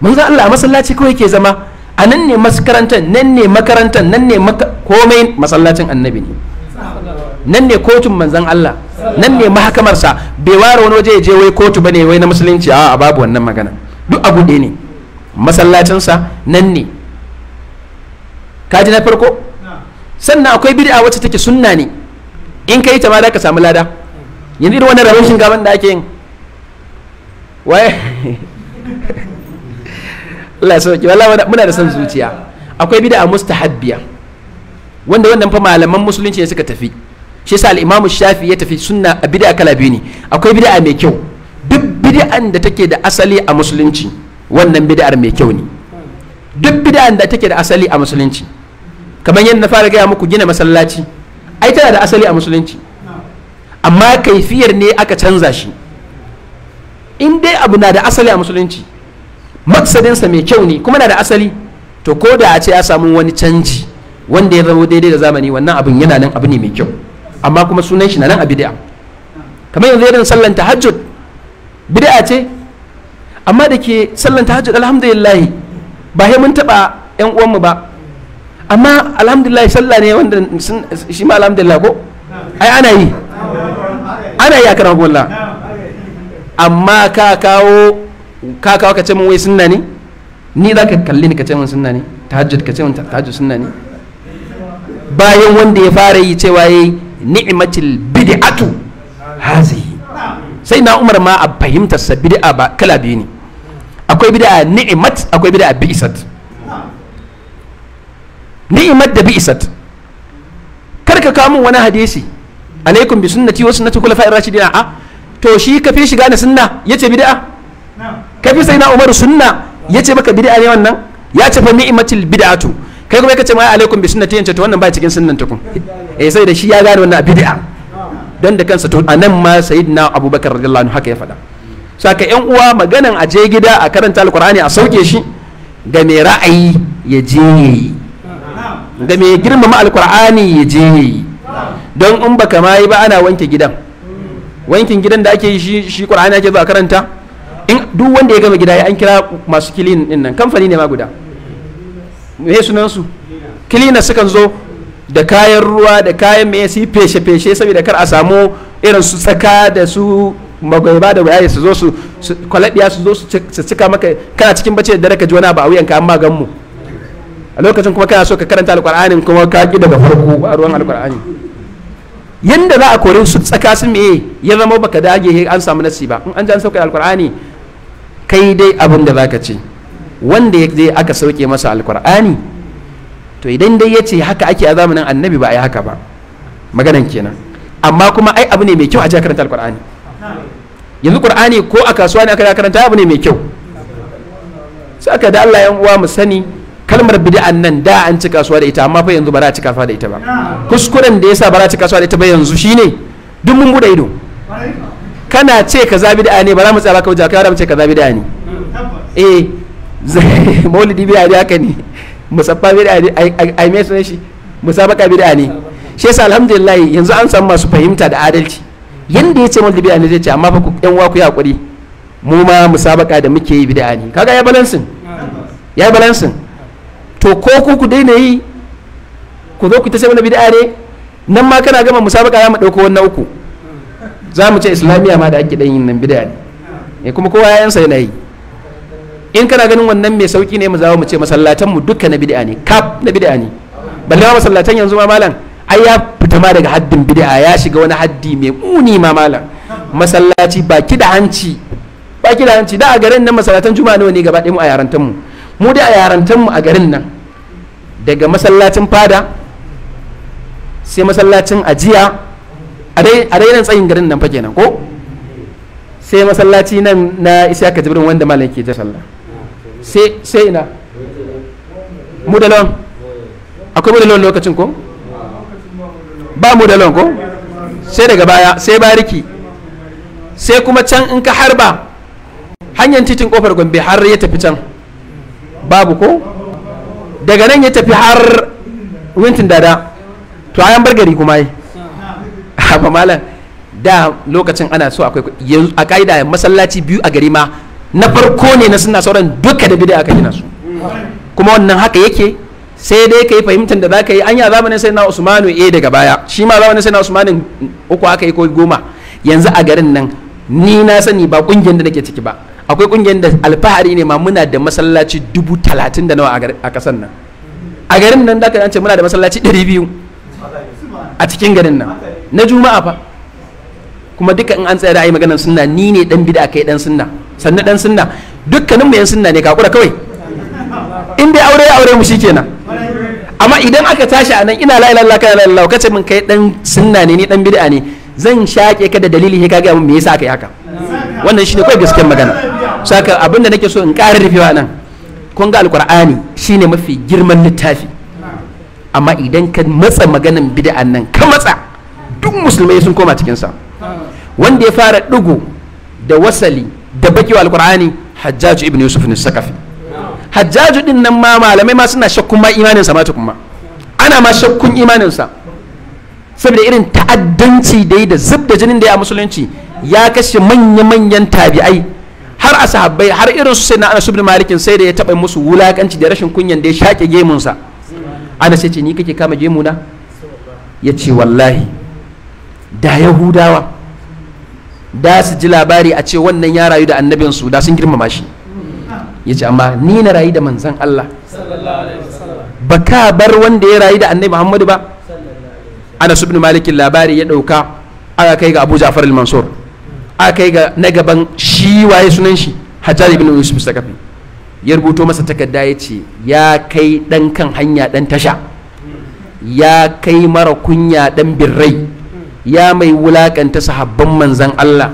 manzo Allah a masallaci kawai ke zama a nan ne makarantar nan ne makarantar nan ne komai masallacin annabi ne nan ne kotun manzan Allah nan ne mahakamarsa bai ware wani waje ya je wai kotu bane wai na musulunci a babu wannan magana duk abu ɗaya ne masallacinsa nan ne kaji na farko sannan akwai bid'a wacce take sunna ne in kai ta ma ka samu lada yanzu irin wannan rabon shingaban da ake yin wai. (laughs) Allah ya sauke wallahi muna da son zuciya akwai bid'a mustahabbiya wanda wannan fa malaman musulunci ne suka tafi shi yasa al-Imam Shafi ya tafi sunna bid'a kala biyu ne akwai bid'a mai kyau duk bid'an da take da asali a musulunci wannan bid'ar mai kyau ne duk bid'an da take da asali a musulunci kamar yadda na fara gaya muku gina masallaci ai tana da asali a musulunci amma kaifiyar ne aka canza shi in dai abu na da asali a musulunci maksadinsa mai kyau ne kuma na da asali to ko da a ce ya samu wani canji wanda ya zama daidai da zamani wannan abin yana nan abu ne mai kyau amma kuma sunan shi na nan a bid'a kamar yanzu irin sallan tahajjud bid'a ce amma da ke sallan tahajjud alhamdulillah ba sai mun taba yan uwanmu ba amma alhamdulillah sallah ne wanda shi ma alhamdulillah ko ai ana yi ana yi a karamar amma ka kawo ka ka ce min wai sunna ne ni za ka kalli ni ka ce mun sunna ne tahajjud ka ce min tahajjud sunna ne bayan wanda ya fara yi cewa yayi ni'matil bid'atu hazihi sai na umar ma a fahimtar sa bid'a ba kala biyu ne akwai bid'a ni'imat akwai bid'a bi'sat ni'imat da bi'sat kar ka kawo wani hadisi alaikum bi sunnati wa sunnati khulafa'ir rashidin a to shi ka fi shiga na sunna yace bid'a na'am ka fi sayyidina umaru sunna yace maka bid'a ne wannan ya ce fa ni'matil bid'atu kai kuma kace ma alaikum bi sunnati yace to wannan ba cikin sunnan ta kun eh sai da shi ya gane wannan bid'a dan da kansa to anan ma sayyidina abubakar radiyallahu anhu haka ya faɗa saka yan uwa maganan a je gida a karanta alqur'ani a sauke shi ga mai ra'ayi ya je yayi ga mai girmama alqur'ani ya je yayi don in baka ma yi ba ana wanke gidan wankin gidan da ake yi shi qur'ani ake zuwa karanta in duk wanda ya gama gida ya an kira masu kilin din nan kamfani ne ma guda me sunan su kilina sukan zo da kayan ruwa da kayan me su feshe feshe saboda kar a samu irin su tsaka da su magwaiba da wayaye su zo su kwalabiya su zo su cika maka kana cikin bace da dare ka ji wani abu a wuyanka amma gan mu a lokacin kuma kana so ka karanta alqur'anin kuma ka gida daga farko a ruwan alqur'ani yanda za a kore su tsaka su me ya zama baka dage an samu nasi ba in an ji an sauka alqur'ani kai dai abin da zaka ce wanda ya je aka sauke masa alkur'ani to idan dai ya ce haka ake a zamanin annabi ba a yi haka ba maganan kenan amma kuma ai abu ne mai kyau a je karanta alkur'ani yanzu qur'ani ko a kasuwa ne aka karanta abu ne mai kyau sai aka da Allah yan uwa mu sani kalmar bid'an nan da an ci kasuwa da ita amma fa yanzu ba za a ci kasuwa da ita ba kuskuren da yasa ba za a ci kasuwa da ita ba yanzu shine duk mun bude ido kana ce zabi bid'a ne ba za mu tsaya baka wajen kai mu ce kaza bid'a ne eh (laughs) maulidi bid'a ne haka ne musaffa da ne ai mai ne shi musabaka da ne shi yasa alhamdulillah yanzu an samu masu fahimta da adalci yanda yace maulidi bid'a ne zai ce amma fa ku yan waku ya hakuri mu ma musabaka da muke yi bid'a ne kaga ya balansin ya balansin to ko ku ku daina yi ku zo ku ta sai wani bid'a ne nan ma kana gama musabaka ya mu dauko wannan uku za mu ce islamiyya ma da ake dan yin nan bid'a ne eh, kuma kowa sa yana yi in kana ganin wannan mai sauki ne mu zawo mu ce masallatan mu duka na bid'a ne kap na bid'a ne balle ma masallatan yanzu ma malam ai ya fita ma daga haddin bid'a ya shiga wani haddi mai muni ma malam masallaci baki da hanci baki da hanci da a garin nan masallatan juma'a nawa ne gaba ɗaya mu a yarantan mu mu da a yarantan mu a garin nan daga masallacin fada sai masallacin ajiya a dai nan tsayin garin nan fage nan ko sai masallaci nan na isa ka jibirin wanda malam ke jar sallah sai sai ina mudalon akwai mudalon lokacin ko ba mudalon ko sai daga baya sai bariki sai kuma can in ka harba hanyar titin kofar gombe har ya tafi can babu ko daga nan ya tafi har wintin dada to ayan bar gari kuma yi (laughs) amma malam da lokacin ana so akwai yanzu a ka'ida masallaci biyu a gari ma na farko ne na suna sauran duka da bid'a aka gina su kuma wannan haka yake sai dai ka yi fahimtar da za an yi a zamanin sai na usmanu eh daga baya shi ma zamanin sai na usmanin uku aka yi ko goma yanzu a garin nan ni na sani ba kungiyar da nake ciki ba akwai kungiyar da alfahari ne ma muna da masallaci dubu talatin da nawa a kasan nan a garin nan da ka ce muna da masallaci ɗari biyu a cikin garin nan na juma'a fa kuma duka in an tsaya da ayi maganar sunna ni ne dan bid'a kai dan sunna sannan dan sunna dukkanin mu yan sunna ne kakura kawai in dai aure ya aure mu shikenan amma idan aka tashi anan ina la ilaha illallah la ilaha kace min kai dan sunna ne ni dan bid'a ne zan shake ka da dalili sai ka mun me yasa kai haka wannan shine kai gaskiyar magana saka abinda nake so in ƙara rufewa nan kun ga alqur'ani shine mafi girman littafi amma idan ka matsa maganan bid'an nan ka matsa duk musulmai sun koma cikinsa wanda ya fara ɗugu da wasali da baki wa alkur'ani hajjaju ibn yusuf ne sakafi hajjaju din nan ma malamai ma suna shakkun ma imaninsa ma tukun ma ana ma shakkun imaninsa saboda irin ta'addanci da yi da zub jinin da ya musulunci ya kashe manya-manyan tabi'ai har a sahabbai har irin su sai na anas ibn malikin sai da ya taɓa musu wulakanci da rashin kunyan da ya shaƙe gemunsa ana sai ce ni kake kama gemuna ya ce wallahi da yahudawa da su ji labari a ce wannan ya rayu da annabinsu da sun girmama shi ya ce amma ni na rayu da manzan Allah ba ka bar wanda ya rayu da annabi Muhammadu ba Anas bin Malikin labari ya ɗauka aka kai ga Abu Ja'far al-Mansur aka kai ga na gaban shi waye sunan shi Hajjaj ibn Yusuf Sakafi ya rubuto masa takarda ya ce ya kai dan kan hanya dan tasha ya kai mara kunya dan birrai ya mai wulakanta sahabban manzan Allah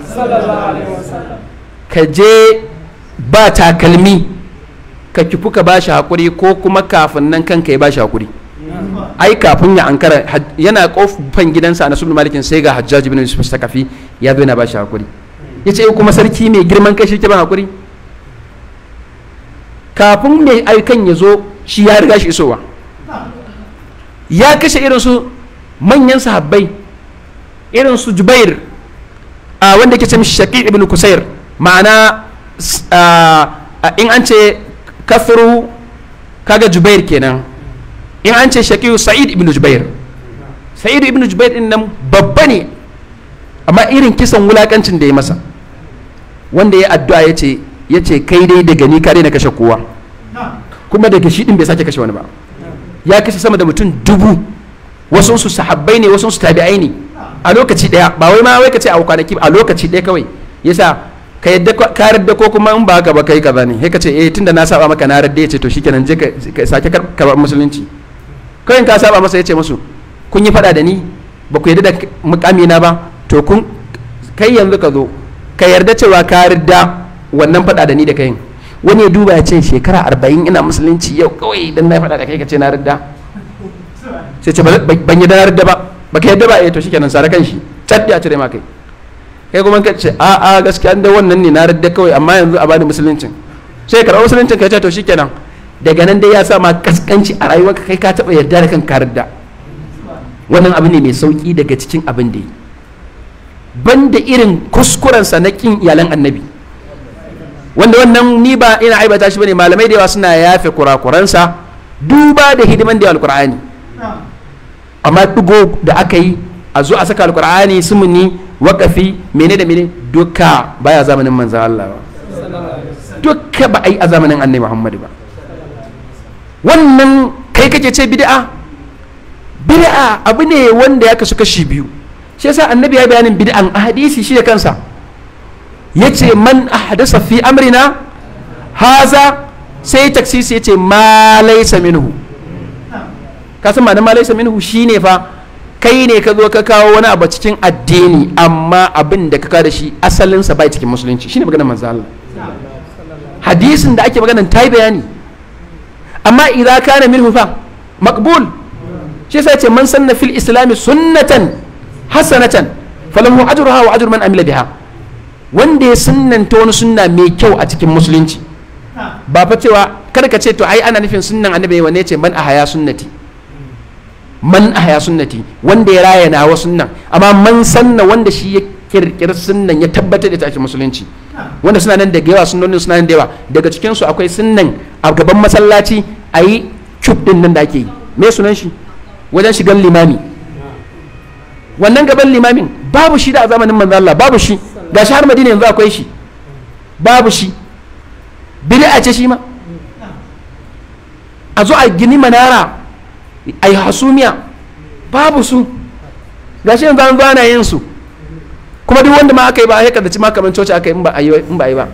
ka je ba takalmi ka kifu ka shi hakuri ko kuma kafin nan kanka ya shi hakuri ai kafin ya ankara yana kofan gidansa a nasubin malikin sai ga hajjaji bin yusuf kafi ya zo yana bashi hakuri ce eh, kuma sarki mai girman kai shi ke ba hakuri kafin mai aikan ya zo shi ya riga shi isowa ya kashe irin su manyan sahabbai irin su jubair a ah, wanda ke ce mishi shaƙi ibn kusair ma'ana ah, ah, in an ce kafiru kaga jubair kenan in an ce shaƙi sa'id ibn jubair sa'id ibn jubair din nan babba ne amma irin kisan wulakancin da ya masa wanda ya addu'a ya ce ya ce kai dai daga ni ka na kashe kowa kuma daga shi din bai sake kashe wani ba ya kashe sama da mutum dubu wasu su sahabbai ne wasu su tabi'ai ne a lokaci daya ba wai ma wai ka ce a kwanaki a lokaci daya kawai yasa ka yadda ka radda ko kuma in ba ka ba kai ka ne sai ka ce eh tunda na saba maka na radda yace to shikenan je ka sake karɓar musulunci kawai ka saba masa yace musu kun yi fada da ni ba ku yarda da mukami na ba to kun kai yanzu ka zo ka yarda cewa ka radda wannan fada da ni da kai wani ya duba ya ce shekara arba'in ina musulunci yau kawai dan na fada da kai ka ce na radda sai ce ban yi da na radda ba baka yadda ba eh to shikenan sare kan shi tsaddi a cire ma kai kai kuma ka ce a a gaskiya an da wannan ne na radda kawai amma yanzu a bani musuluncin sai karɓar musuluncin ka ce to shikenan daga nan dai ya sa ma kaskanci a rayuwarka kai ka taɓa yarda da kanka radda wannan abu ne mai sauki daga cikin abin da yi banda irin kuskurensa na kin iyalan annabi wanda wannan ni ba ina aibata shi bane malamai da yawa suna yafe kurakuransa duba da hidiman da alqur'ani amma ɗigo da aka yi a zo a saka alkur'ani sumuni waƙafi mene da mene duka baya zamanin manzan Allah ba duka ba a yi a zamanin annai muhammadu ba wannan kai kake ce bid'a bid'a abu ne wanda ya kasu kashi biyu shi yasa annabi ya bayanin bid'an a hadisi shi da kansa ya ce man ahdasa fi amrina haza sai taksisi ya ce ma laisa minhu ka san ma'anar malaisa minhu shine fa kai ne ka zo ka kawo wani abu cikin addini amma abin da ka kada shi asalinsa bai cikin musulunci shine maganar manzo Allah hadisin da ake maganar ta bayani amma idza kana minhu fa maqbul shi sai ce man sanna fil islami sunnatan hasanatan falahu ajruha wa ajru man amila biha wanda ya sunnanta wani sunna mai kyau a cikin musulunci ba fa cewa kada ka ce to ai ana nufin sunnan annabi wanne ce man ahaya sunnati man haya sunnati wanda ya raya wasu nan amma man sanna wanda shi ya kirkiri sunnan ya tabbatar da take musulunci wanda suna nan da yawa sunnonin suna nan da yawa daga cikin su akwai sunnan a gaban masallaci a yi cub din nan da ake yi me sunan shi wajen shigan limami wannan gaban limamin babu shi da a zamanin manzo Allah babu shi gashi har Madina yanzu akwai shi babu shi bid'a ce shi ma a zo a gini manara ai hasumiya babu su shi yanzu an zo yin su kuma duk wanda ma aka yi ba ya kada ci ma kamar coci aka yi in ba a yi ba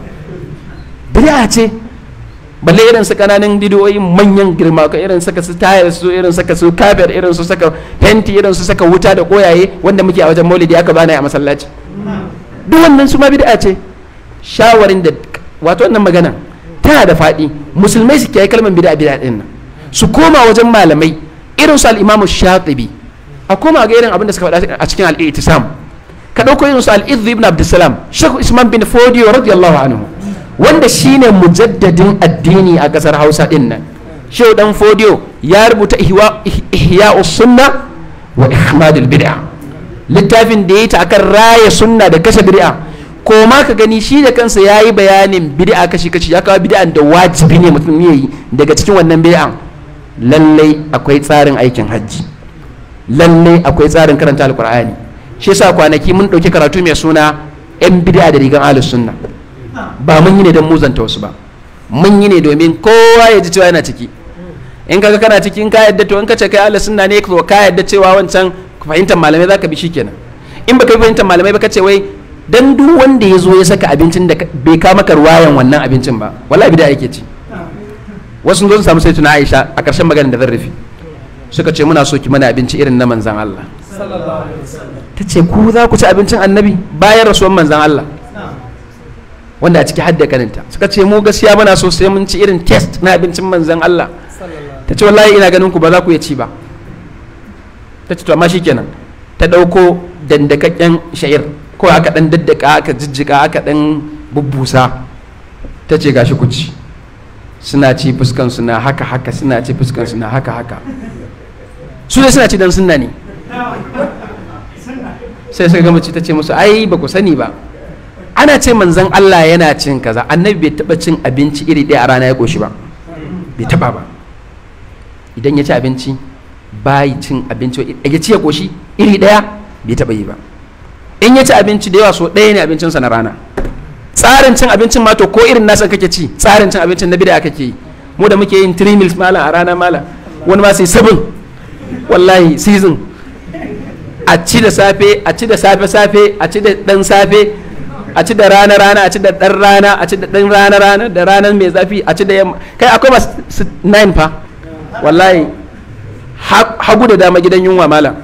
a ce balle irin su kananan didoyi manyan girma ka irin saka su tayar su irin saka su kabir irin su saka fenti irin su saka wuta da koyaye wanda muke a wajen maulidi aka bana a masallaci duk wannan su ma bid'a ce shawarin da wato wannan magana tana da faɗi musulmai su kiyaye kalmar bid'a bid'a din nan su koma wajen malamai irin su al-imamu a koma ga irin abin da suka faɗa a cikin al'itisam ka ɗauko irin su al ibn abdussalam shaikh isman bin fodiyo radiyallahu anhu wanda shine mujaddadin addini a ƙasar hausa ɗin nan shehu dan fodiyo ya rubuta ihya sunna wa ihmadul bid'a littafin da ya ta akan raya sunna da kashe bid'a ko ma ka gani shi da kansa ya yi bayanin bid'a kashi kashi ya kawo bid'an da wajibi ne mutum ya yi daga cikin wannan bid'an lallai akwai tsarin aikin hajji lallai akwai tsarin karanta alkur'ani shi yasa kwanaki mun ɗauki karatu mai suna yan bid'a da rigan ahlus sunna ba mun yi ne don muzanta wasu ba mun yi ne domin kowa ya ji cewa yana ciki in kaga kana ciki in ka yadda to in ka ce kai ahlus sunna ne ko ka yadda cewa wancan fahimtar malamai zaka bi shikenan in baka fahimtar malamai ba ka ce wai dan duk wanda ya zo ya saka abincin da bai kama maka ruwayan wannan abincin ba wallahi bid'a yake ci wasu zo su samu sai tuna aisha a ƙarshen maganin da zan rufe suka ce muna so ki mana abinci irin na manzan Allah ta ce ku za ku ci abincin annabi bayan rasuwan manzan Allah wanda a ciki hadda kaninta suka ce mu gaskiya muna so sai mun ci irin test na abincin manzan Allah ta ce wallahi ina ganin ku ba za ku iya ci ba ta ce to amma shikenan ta ɗauko dandakakken sha'ir ko aka ɗan daddaka aka jijjiga aka ɗan bubbusa ta ce gashi ku ci suna ci fuskan suna haka haka suna ci fuskan suna haka haka su ne suna ci dan sunna ne sai suka gama ci ta ce musu ai ba ku sani ba ana ce manzon Allah yana cin kaza annabi bai taba cin abinci iri ɗaya a rana ya koshi ba bai taba ba idan ya ci abinci bayi cin abinci ya ci ya koshi iri ɗaya bai taba yi ba in ya ci abinci da yawa so ɗaya ne abincinsa na rana tsarin cin abincin mato ko irin nasa kake ci tsarin cin abincin na bida kake yi mu da muke yin 3 meals malam a rana malam wani ma sai sabon wallahi season a ci da safe a ci da safe safe a ci da dan safe a ci da rana rana a ci da dan rana a ci da dan rana rana da ranar mai zafi a ci da yamma kai akwai ba 9 fa wallahi hagu da dama gidan yunwa malam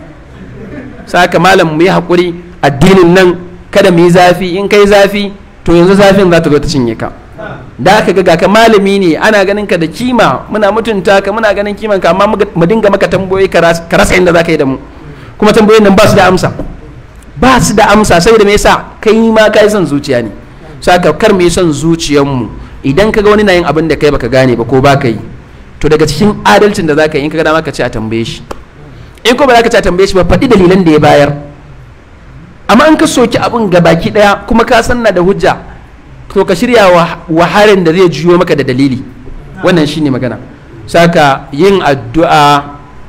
saka malam mu yi hakuri addinin nan kada mu yi zafi in kai zafi to yanzu zafin za ta zo ta cinye ka da aka ga ka malami ne ana ganin ka da kima muna mutunta ka muna ganin kiman ka amma mu dinga maka tambayoyi ka rasa inda za ka yi da mu kuma tambayoyin nan ba su da amsa ba su da amsa saboda me yasa kai ma ka yi son zuciya ne saka kar mu yi son zuciyarmu idan kaga wani na yin abin da kai baka gane ba ko baka yi to daga cikin adalcin da za ka yi in kaga dama ka ce a tambaye shi in ko ba za ka ce a tambaye shi ba faɗi dalilan da ya bayar amma an ka soki abin ga baki daya kuma ka san na da hujja to ka shirya wa harin da zai juyo maka da dalili wannan shine magana saka yin addu'a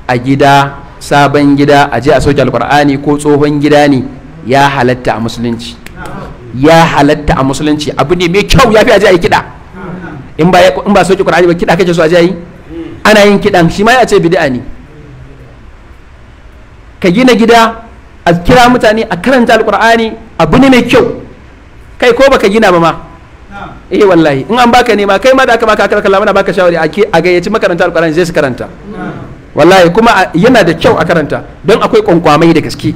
a gida sabon gida a je a soki alkur'ani ko tsohon gida ne ya halatta a musulunci ya halatta a musulunci abu ne mai kyau ya fi aje a yi kiɗa in ba in ba soki qur'ani ba kiɗa kake so aje a yi ana yin kiɗan shi ma ya ce bid'a ne ka gina gida a kira mutane a karanta alkur'ani abu ne mai kyau kai ko baka gina ba ma eh wallahi in an baka nema kai ma da aka baka aka kalla na baka shawari a gayyaci makaranta alkur'ani zai su karanta wallahi kuma yana da kyau a karanta don akwai kwankwamai da gaske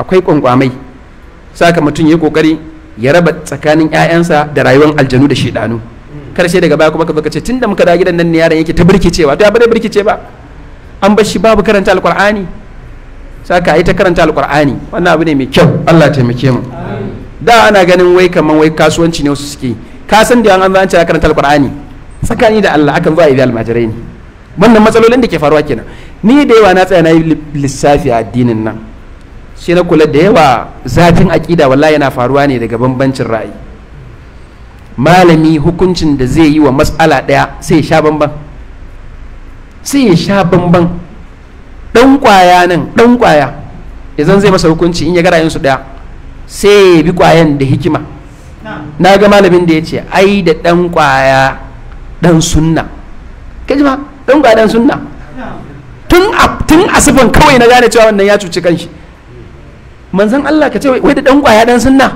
akwai kwankwamai saka mutum yayi kokari ya raba tsakanin 'ƴa'ƴansa da rayuwar aljanu da shidanu karshe daga baya kuma ka baka ce tunda muka da gidan nan ne yaran yake ta birkicewa to ya bare birkice ba an bar shi babu karanta alkur'ani saka ka yi ta karanta alkur'ani wannan abu ne mai kyau Allah taimake mu da ana ganin wai kaman wai kasuwanci ne wasu suke ka san da an zance ya karanta alkur'ani tsakani da Allah akan zuwa ibi almajirai ne wannan matsalolin da ke faruwa kenan ni da yawa na tsaya na yi lissafi a addinin nan sai na kula da yawa zafin aƙida wallahi yana faruwa ne daga bambancin ra'ayi malami hukuncin da zai yi wa matsala ɗaya sai ya sha bamban sai ya sha bamban Ɗan ƙwaya nan ƙwaya ya idan zai masa hukunci in ya ga su ɗaya sai ya bi ƙwayan da hikima na ga malamin da ya ce ai da ɗan ƙwaya ɗan sunna ji ma ɗan ƙwaya ɗan sunna tun a tun sifan kawai na gane cewa wannan ya cuci kanshi manzon Allah ka ce wai da ɗan ƙwaya ɗan sunna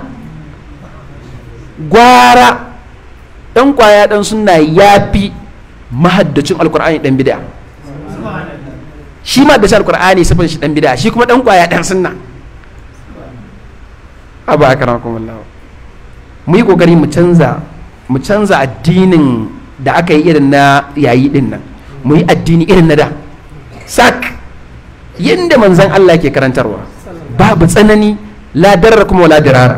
gwara ɗan ƙwaya ɗan sunna ya fi mahaddacin Alƙur'ani dan bid'a shi ma da shi alkur'ani sifan shi dan bid'a shi kuma dan kwaya dan sunna abu kuma Allah mu yi kokari mu canza addinin da aka yi irin na yayi din nan mu yi addini irin na da sak yadda manzan Allah ke karantarwa babu tsanani ladarar kuma wala dirara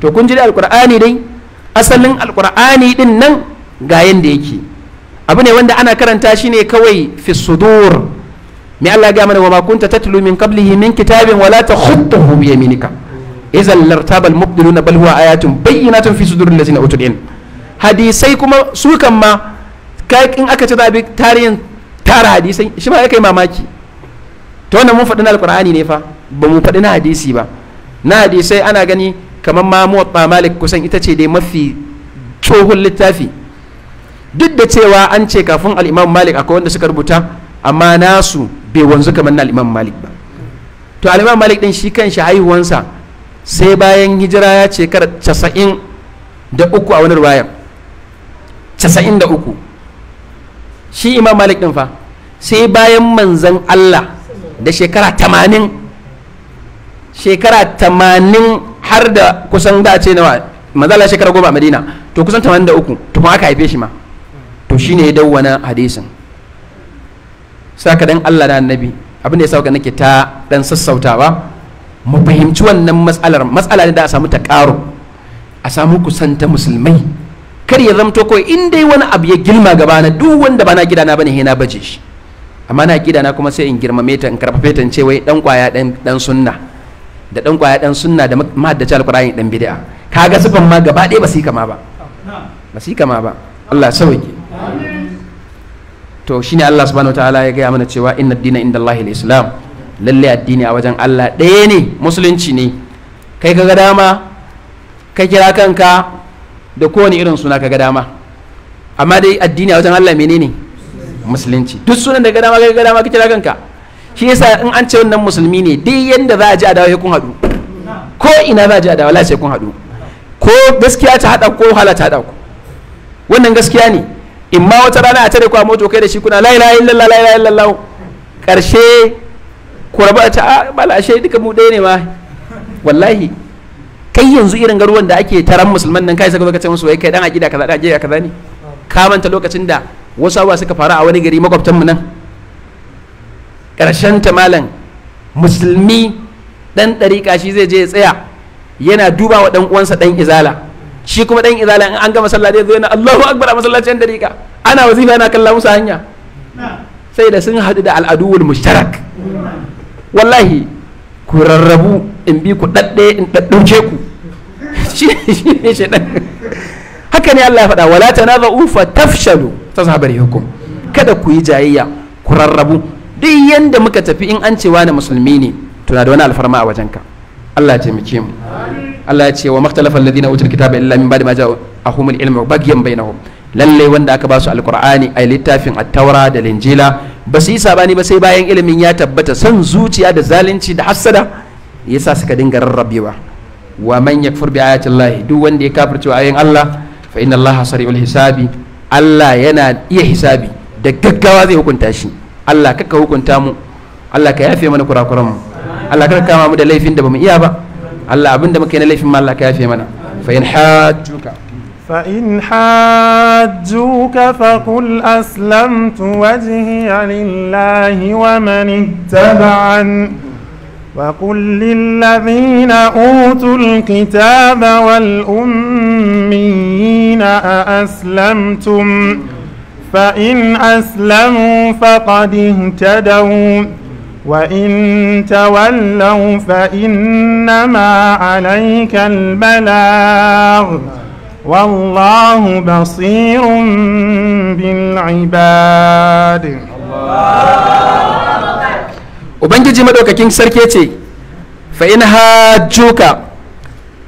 to kun ji da alkur'ani dai asalin alkur'ani din nan ga yadda yake abu ne wanda ana karanta shi ne kawai fi sudur me Allah ya mana wa ma kunta tatlu min qablihi min kitabin wala takhutuhu bi yaminika idan lartabal mubdiluna bal huwa ayatun bayyinatun fi sudurin allazina utul ilm hadisai kuma su kan ma kai in aka ci zabi tarihin tara hadisai shi ma kai mamaki to wannan mun faɗi na alqur'ani ne fa ba mu faɗi na hadisi ba na hadisai ana gani kamar ma muwatta malik kusan ita ce dai mafi tsohon littafi duk da cewa an ce kafin al'imam malik akwai wanda suka rubuta amma nasu bai wanzu kamar na al'imam malik ba to al'imam malik din shi kanshi haihuwansa sai bayan hijira ya ce kar casa'in da uku a wani ruwayar casa'in da uku shi imam malik din fa sai bayan manzan allah da shekara tamanin shekara tamanin har da kusan da ce nawa mazala shekara goma a madina to kusan tamanin da uku to kuma aka haife shi ma to shine ya dawwana hadisin saka dan Allah da annabi abin da ya sauka nake ta dan sassautawa mu fahimci wannan matsalar matsala ne da a samu ta karo a samu kusanta musulmai kar ya zamto ko in dai wani abu ya girma gaba na duk wanda ba na gida na bane na baje shi amma na gida na kuma sai in girmame ta in karfafe ta ce wai dan kwaya dan dan sunna da dan kwaya dan sunna da mahaddaci alqur'ani dan bid'a kaga sifan ma gaba ɗaya ba su kama ba ba su kama ba Allah sauke amin to shine Allah subhanahu wataala ya gaya mana cewa inna dina inda Allah islam lalle addini a wajen Allah ɗaya ne musulunci ne kai kaga dama ka kira kanka da kowane irin suna kaga dama amma dai addini a wajen Allah menene musulunci duk sunan da dama kaga dama ka kira kanka shi yasa in an ce wannan musulmi ne duk yanda za a ji a dawo kun haɗu ko ina za a ji a dawo sai kun haɗu ko gaskiya ta haɗa ko wahala ta haɗa ku wannan gaskiya ne in ma wata rana a tare ku a moto kai da shi kuna la ilaha illallah la ilaha illallah karshe ku raba ta ah, bala ashe duka mu ɗaya ne ma wallahi kai yanzu irin garuwan da ake taron musulman nan kai saka lokacin musu wai kai dan aqida kaza dan aqida kaza ne ka manta lokacin da wasu abuwa suka faru a wani gari makwabtan mu nan karshen ta malam musulmi dan dariƙa shi zai je ya tsaya yana duba wa dan uwansa dan izala shi kuma dan izala in an gama sallah zai zo yana Allahu akbar a masallacin dariƙa ana wazifa yana kalla musu hanya sai da sun hadu da al'aduwul mushtarak wallahi ku rarrabu in bi ku ɗaɗɗe in ɗaɗɗauke ku (laughs) shi ne shaɗan haka ne Allah ya faɗa wala tanaza'u fa tafshalu sahabar hukum kada ku yi jayayya ku rarrabu duk yanda muka tafi in an cewa na musulmi ne tuna da wani alfarma a wajenka Allah ya taimake mu Allah ya ce wa makhtalafa alladhina utul kitaba illa min ba'di ma ja'ahumul ilmu baghyan bainahum lalle wanda aka ba su alqur'ani ay littafin at-taura da linjila ba su yi sabani ba sai bayan ilimin ya tabbata son zuciya da zalunci da hassada yasa suka dinga rarrabewa wa man yakfur bi ayati Allah duk wanda ya kafirce ayoyin Allah fa inna Allah sari'ul hisabi Allah yana iya hisabi da gaggawa zai hukunta shi Allah kaka hukunta mu Allah ka yafe mana kurakuran mu Allah kaka kama mu da laifin da bamu iya ba الله عبد ما كان لي في مالا كافي منا فإن حاجوك فإن حاجوك فقل أسلمت وجهي لله ومن اتبعا وقل للذين أوتوا الكتاب والأمين أأسلمتم فإن أسلموا فقد اهتدوا وإن تولوا فإنما عليك البلاغ والله بصير بالعباد Ubangiji madaukakin sarki ce, fa in hajjuka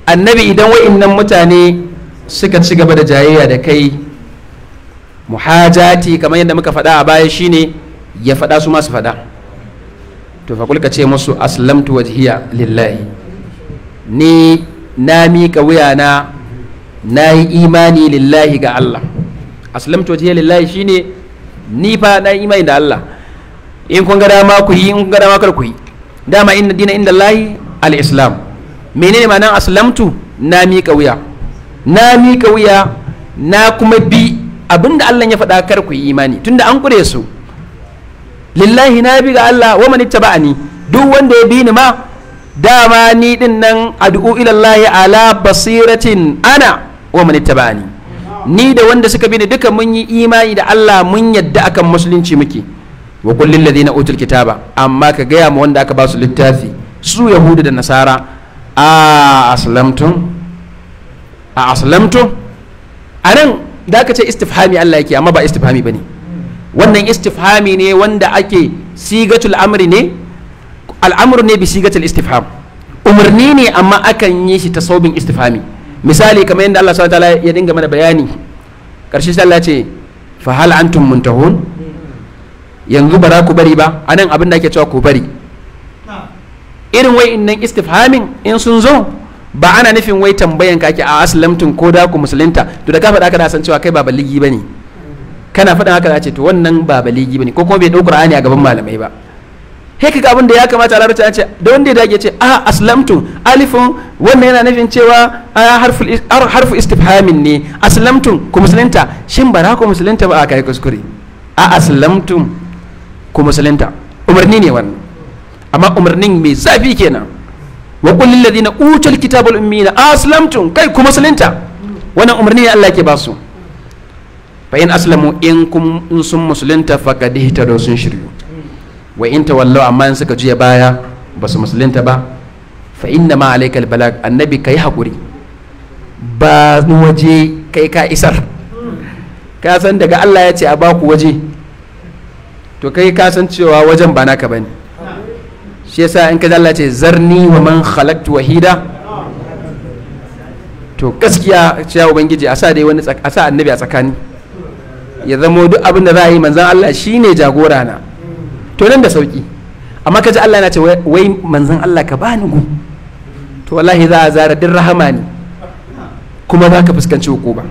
annabi idan wa'innan mutane suka ci gaba da jayayya da kai muhajati kamar yadda muka faɗa a baya shine ya faɗa su masu faɗa. to fa kulka ce musu aslamtu wajhiya lillahi ni na mika wuyana na yi imani lillahi ga Allah aslamtu wajhiya lillahi shine ni fa na imani da Allah in kun ga dama ku yi in kun ga dama kar ku yi dama inna dina inda lillahi al-islam menene ma'anar aslamtu na mika wuya na mika wuya na kuma bi abinda Allah ya faɗa kar ku yi imani tunda an kure su lillahi na bi ga Allah wa man ni duk wanda ya bi ni ma dama ni din nan ad'u ila Allah ala basiratin ana wa man ittaba'ani ni da wanda suka bi ni duka mun yi imani da Allah mun yadda akan musulunci muke wa kullil ladina utul kitaba amma ka gaya ma wanda aka ba su littafi su yahudu da nasara a aslamtum a aslamtum anan da ka ce istifhami Allah yake amma ba istifhami bane wannan istifhami ne wanda ake sigatul amri ne al'amur ne bi sigatul istifham umarni ne amma akan yi shi ta saubin istifhami misali kamar yadda Allah subhanahu wataala ya dinga mana bayani karshe sai Allah ce fa hal antum muntahun yanzu ba za ku bari ba anan abin da ake cewa ku bari irin wai innan istifhamin in sun zo ba ana nufin wai tambayan ka ake a aslamtun ko da ku musulunta to da ka faɗa ka da san cewa kai ba baligi bane kana faɗin haka za ce to wannan ba baligi bane ko kuma bai ɗau qur'ani a gaban malamai ba he kaga abin da ya kamata a larabta ce da wanda ya dage ce a ah, aslamtu alifun wannan yana nufin cewa a ah, harfu istifhamin ne aslamtu ku musulunta shin ba ku musulunta ba a kai kuskure a aslamtu ku musulunta umarni ne wannan amma umarnin mai zafi kenan wa qul lil ladina utul kitaba al ummiyina aslamtum kai ku musulunta wannan umarni ne Allah ke ba su fa in aslamu in kun in sun musulunta faqad don sun shiryu wa in ta wallo amma in suka juya baya ba su musulunta ba fa inna ma alaikal balag annabi kai hakuri ba waje kai ka isar ka san daga Allah ya ce a baku waje to kai ka san cewa wajen ba naka bane shi yasa in ka Allah ce zarni wa man khalaqtu wahida to gaskiya cewa ubangiji a sa dai wani a sa annabi a tsakani ya zamo duk abin da za a yi manzan Allah shi ne jagora na to nan da sauki amma ka ji Allah na ce wai manzan Allah ka bani gu to wallahi za a zara din rahama ne kuma za ka fuskanci hukuma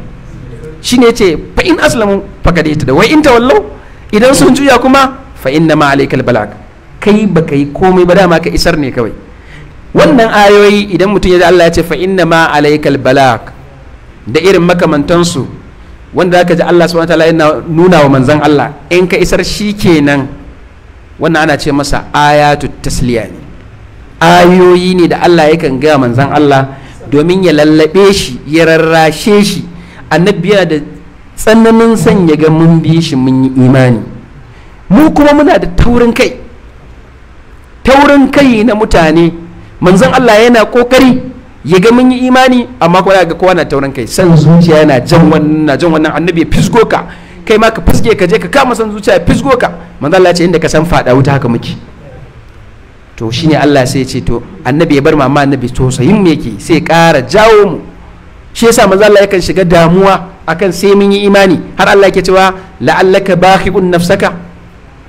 ne ce fa in aslamu faqad da wai in tawallo idan sun juya kuma fa inna ma alaikal balag kai baka yi komai ba dama ka isar ne kawai wannan ayoyi idan mutum ya ji Allah ya ce fa inna ma alaikal balag da irin makamantansu wanda zaka ji Allah subhanahu wataala yana nuna wa manzon Allah in ka isar shi kenan wannan ana ce masa ayatu tasliya ne ayoyi ne da Allah yakan ga manzon Allah domin ya lallabe shi ya rarrashe shi annabi yana da tsananin son ya ga mun bi shi mun yi imani mu kuma muna da taurin kai taurin kai na mutane manzon Allah yana kokari ya ga mun yi imani amma kuma ga kowa na taurin kai san zuciya yana jan wannan na jan wannan annabi fisgo ka kai ma ka fisge ka je ka kama san zuciya ya fisgo ka manzo Allah ce inda ka san fada wuta haka muke to shine Allah sai ya ce to annabi ya bar mu amma annabi to sayin me yake sai ya ƙara jawo mu shi yasa manzo Allah yakan shiga damuwa akan sai mun yi imani har Allah yake cewa la'allaka bakhi'un nafsaka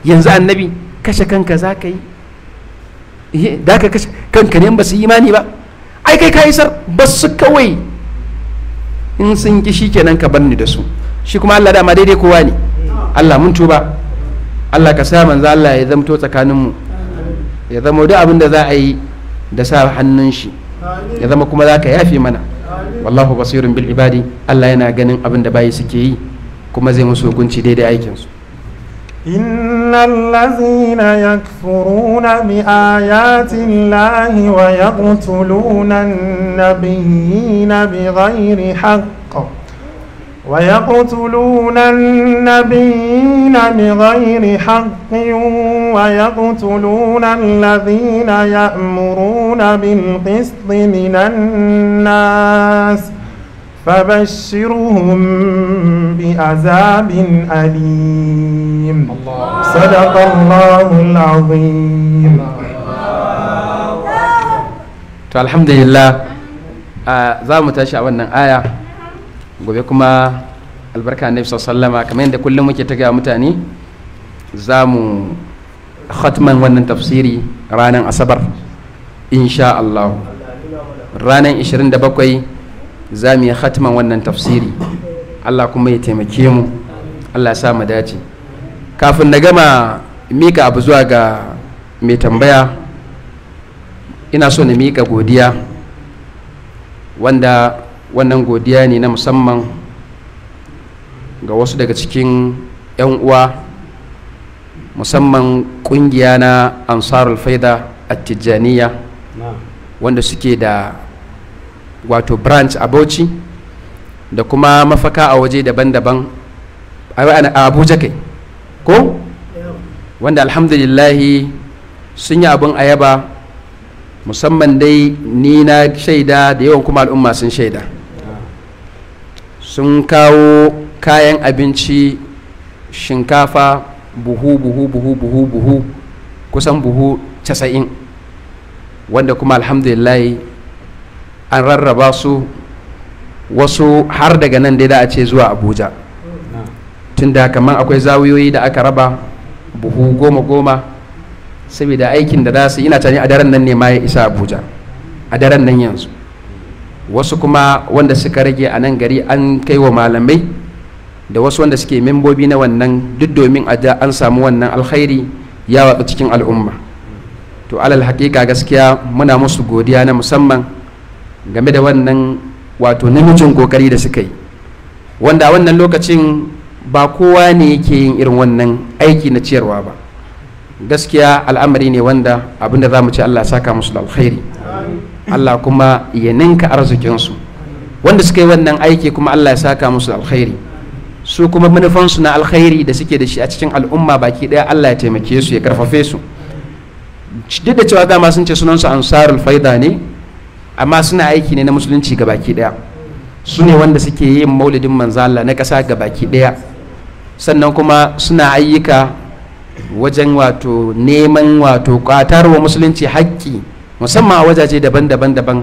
yanzu annabi kashe kanka zaka yi da ka kashe kanka ne ba su imani ba ai kai ka isar ba su kawai in sun ki shi kenan ka bar ni da su shi kuma Allah ma daidai kowa ne Allah mun tuba Allah ka sa manzo Allah ya zamto mu ya zama duk abin da za a yi da sa hannun shi ya zama kuma za ka yafe mana wallahu basirun bil ibadi Allah yana ganin abin da bayi suke yi kuma zai musu hukunci daidai aikinsu إن الذين يكفرون بآيات الله ويقتلون النبيين بغير حق ويقتلون النبيين بغير حق ويقتلون الذين يأمرون بالقسط من الناس ۖ فبشرهم بعذاب أليم صدق الله العظيم to alhamdulillah za mu tashi a wannan aya gobe kuma albarka na sallama kamar yadda kullum muke ta gaya mutane za mu hotman wannan tafsiri ranar asabar insha ranar 27 za mu yi hatiman wannan tafsiri Allah kuma ya taimake mu Allah sa mu dace kafin na gama mika abu zuwa ga mai tambaya ina so na mika godiya wanda wannan godiya ne na musamman ga wasu daga cikin 'yan uwa musamman kungiya na ansarul faida a tijjaniya wanda suke da wato branch a bauchi da kuma mafaka a waje daban-daban a abuja kai ko wanda alhamdulillahi sun yi abin ayaba musamman dai ni na shaida da yawan kuma al'umma sun shaida sun kawo kayan abinci shinkafa buhu buhu buhu buhu buhu kusan buhu casa'in wanda kuma alhamdulillahi an rarraba su wasu har daga nan dai da a ce zuwa abuja tun da kamar akwai zawiyoyi da aka raba buhu goma goma saboda aikin da za su ina tani a daren nan ne ma ya isa abuja a daren nan yanzu wasu kuma wanda suka rage a nan gari an kai wa malamai da wasu wanda suke membobi na wannan duk domin a an samu wannan alkhairi ya watsa cikin al'umma to alal hakika gaskiya muna musu godiya na musamman game da wannan wato namijin kokari da suka yi wanda a wannan lokacin ba kowa ne yake yin irin wannan aiki na ciyarwa ba gaskiya al'amari ne wanda abinda za mu ci allah saka musu da alkhairi allah kuma ya ninka arzikinsu wanda suka yi wannan aiki kuma allah ya saka musu da alkhairi su kuma manufansu na alkhairi da suke da shi a cikin al'umma baki daya allah ya taimake su ya karfafe su duk da cewa dama sun ce sunansu ansarul faida ne amma suna aiki ne na musulunci ga baki daya su ne wanda suke yin maulidin manzala na ƙasa ga baki daya sannan kuma suna ayyuka wajen wato neman wato wa musulunci haƙƙi musamman a wajaje daban-daban daban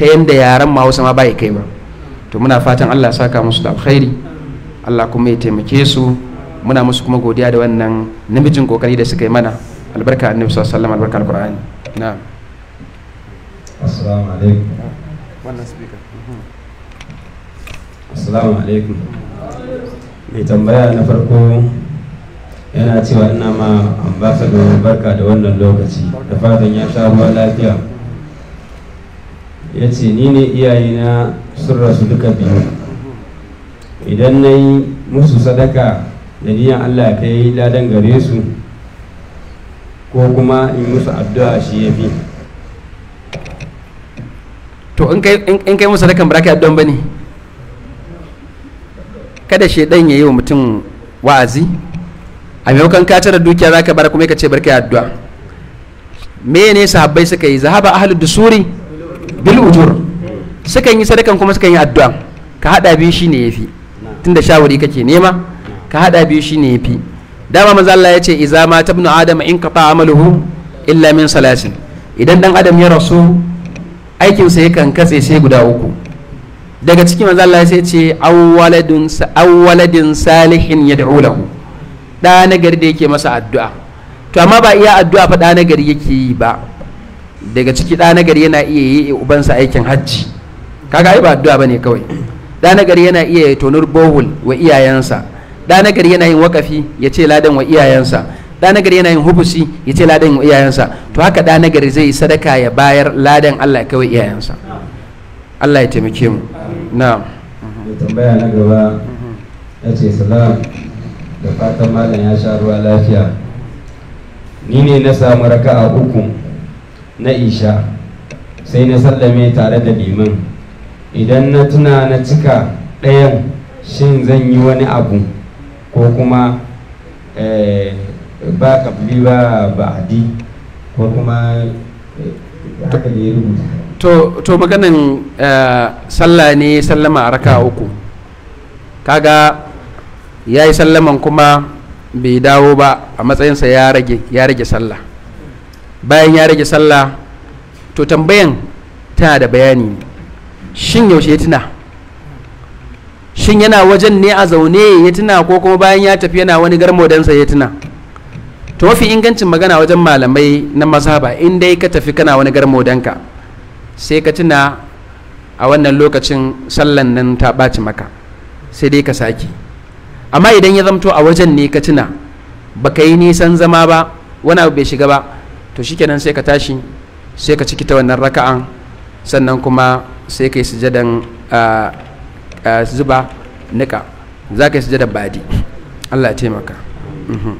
ta yadda yaren ma wasu ma ba kai ba to muna fatan allah saka musu da alkhairi allah kuma ya taimake su muna musu kuma godiya da wannan namijin kokari da suka yi mana albarka annabi sallallahu alaihi wasallam albarka alqur'ani na'am assalamu alaikum wannan speaker mhm. assalamu alaikum mai tambaya na farko yana cewa ina ma ambassador barka da wannan lokaci da fatan ya sha ruwa lafiya ya ce ni ne iyayena sun rasu duka biyu idan na yi musu sadaka da niyan allah ta yi ladan gare su ko kuma in musu addu'a shi ya fi to in kai masa rakan baraka don bane kada shi ya yi wa mutum wa'azi a maimakon ka tara dukiya zaka bar kuma ka ce barka addu'a me ne sahabbai suka yi zahaba ahlud dusuri bil ujur suka yi sadakan kuma suka yi addu'a ka hada biyu shine yafi tunda shawari kake nema ka hada biyu shine yafi dama manzo Allah ya ce idza ma tabnu adama in qata amaluhu illa min salasin idan dan adam ya rasu aikinsa yakan katse sai guda uku daga cikin manzo Allah sai ce awwaladun awwaladin salihin yad'u lahu da na gari da yake masa addu'a to amma ba iya addu'a fa da na gari yake yi ba daga ciki da na gari yana iya yi ubansa aikin hajji kaga ai ba addu'a bane kawai da na gari yana iya tonur bohol wa iyayensa da na gari yana yin wakafi ya ce ladan wa iyayensa da nagari yana yin hubusi ya ce ladan iyayensa to haka da nagari zai yi sadaka ya bayar ladan Allah ya kawai iyayensa Allah ya taimake mu na'am tambaya na gaba ya ce salam da fatan malam ya sha ruwa lafiya ni ne na samu raka'a uku na isha sai na sallame tare da liman idan na tuna na cika ɗayan shin zan yi wani abu ko kuma eh, ba kabli ba ba'adi ko kuma eh, haka da ya rubuta to maganin eh, sallah ne sallama a raka uku kaga ya yi sallaman kuma bai dawo ba a matsayinsa ya rage ya rage sallah bayan ya rage sallah to tambayan tana da bayani shin yaushe ya tuna shin yana wajen ne a zaune ya tuna ko kuma bayan ya tafi yana wani garmodansa ya tuna to mafi ingancin magana wajen malamai na mazhaba in dai ka tafi kana wani garmo danka sai ka tuna a wannan lokacin sallan nan ta ɓaci maka sai dai ka sake amma idan ya zamto a wajen ne ka tuna ba ka yi nisan zama ba wani abu bai shiga ba to shikenan sai ka tashi sai ka ciki ta wannan raka'an sannan kuma sai ka yi sujadan zuba nika za ka yi sujadan badi allah ya taimaka mhm.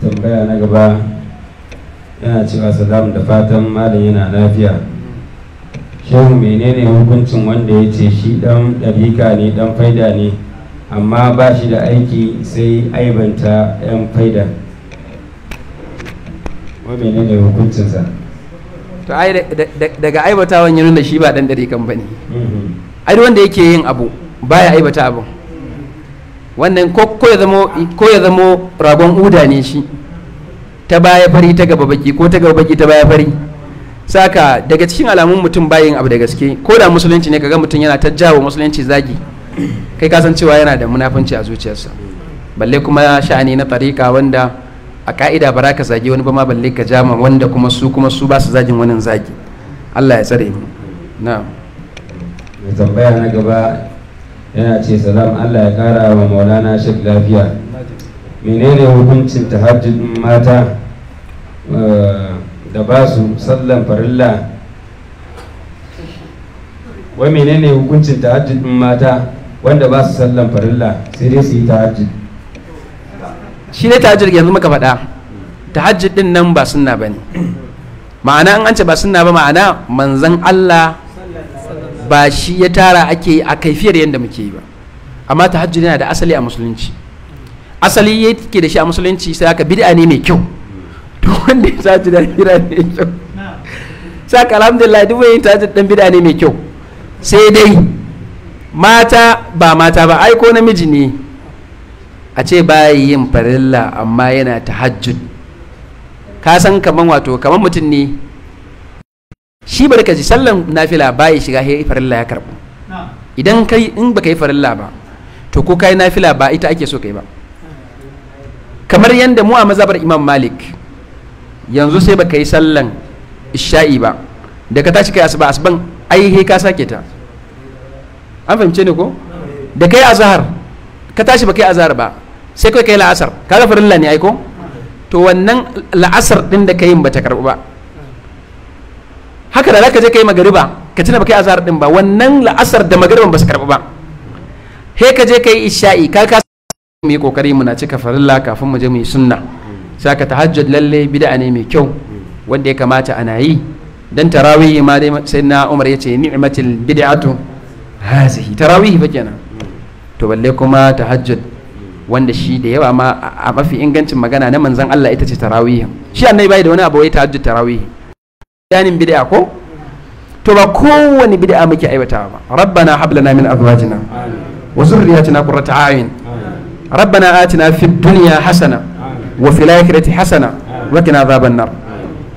tambaya na gaba yana cewa salam da fatan malam yana lafiya shehu menene hukuncin wanda ya ce shi dan ɗarika ne dan faida ne amma ba shi da aiki sai aibanta yan faida wa menene hukuncinsa to ai daga wani ya da shi ba dan dare ba ne mm-hmm. ai wanda yake yin abu baya aibata abu wannan ko ya zamo ragon uda ne shi ta baya fari ta gaba baki ko ta gaba baki ta baya fari saka daga cikin alamun mutum bayin abu da gaske ko da musulunci ne kaga mutum yana ta jawo musulunci zagi kai ka san cewa yana da munafanci a zuciyarsa balle kuma sha'ani na tariƙa wanda a ka'ida ba ka zagi wani ba ma balle ka jama wanda kuma su kuma su ba su zagin wani zagi Allah ya tsare mu na'am tambaya na gaba yana ce salam Allah ya kara wa maulana shek lafiya menene hukuncin tahajjudin mata eh, da ba su sallan farilla wai menene hukuncin tahajjudin mata wanda ba su sallan farilla sai dai su yi tahajjud shi ne tahajjud yanzu muka faɗa tahajjud din nan ba sunna ne ma'ana an ce ba sunna ba ma'ana manzan Allah ba shi ya tara ake yi a kaifiyar yadda muke yi ba amma tahajjud yana da asali a musulunci asali ya ke da shi a musulunci sai aka bid'a ne mai kyau to (laughs) wanda ya ta da bid'a ne mai kyau sai aka alhamdulillah duk wani tahajjud dan bid'a ne mai kyau sai dai mata ba mata ba ai ko namiji ne a ce baya yin farilla amma yana ta ka san kaman wato kaman mutum ne shi bari ka ji sallan nafila ba ya shiga ya farilla ya karɓu idan kai in baka yi farilla ba to ko kai nafila ba ita ake so kai ba kamar yadda mu a mazabar imam malik yanzu sai baka yi sallan isha'i ba da ka tashi kai asuba asuban ai he ka sake ta an fahimce ne ko da kai azhar ka tashi ba yi azhar ba sai kai kai la'asar ga farilla ne ai ko to wannan la'asar din da kai ba ta karɓu ba haka da ka je kai magariba ka tuna kai azahar din ba wannan la'asar da magariban ba su karba ba he ka je kai isha'i ka ka mu yi kokari muna cika farilla kafin mu je mu yi sunna sai ka tahajjud lalle bid'a ne mai kyau wanda ya kamata ana yi dan tarawih ma dai sai na Umar ya ce ni'matul bid'atu hazihi tarawih ba kenan to balle kuma tahajjud wanda shi da yawa ma a mafi ingancin magana na manzon Allah ita ce tarawih shi annabi bai da wani abu wai tahajjud tarawih bayanin bid'a ko to ba kowane bid'a muke aibatawa ba rabbana hab min azwajina wa zurriyatina qurrata a'yun rabbana atina fid dunya hasana wa fil akhirati hasana wa qina adhaban nar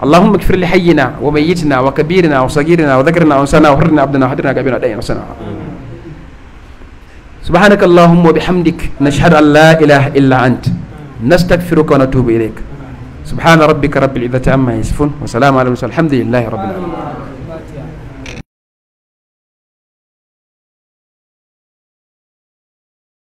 اللهم اغفر لحينا وميتنا وكبيرنا وصغيرنا وذكرنا وحرنا عبدنا وحدنا كبيرنا سنة سبحانك اللهم وبحمدك نشهد ان لا اله الا انت نستغفرك ونتوب اليك سبحان ربك رب العزة عما يصفون وسلام على المرسلين الحمد لله رب العالمين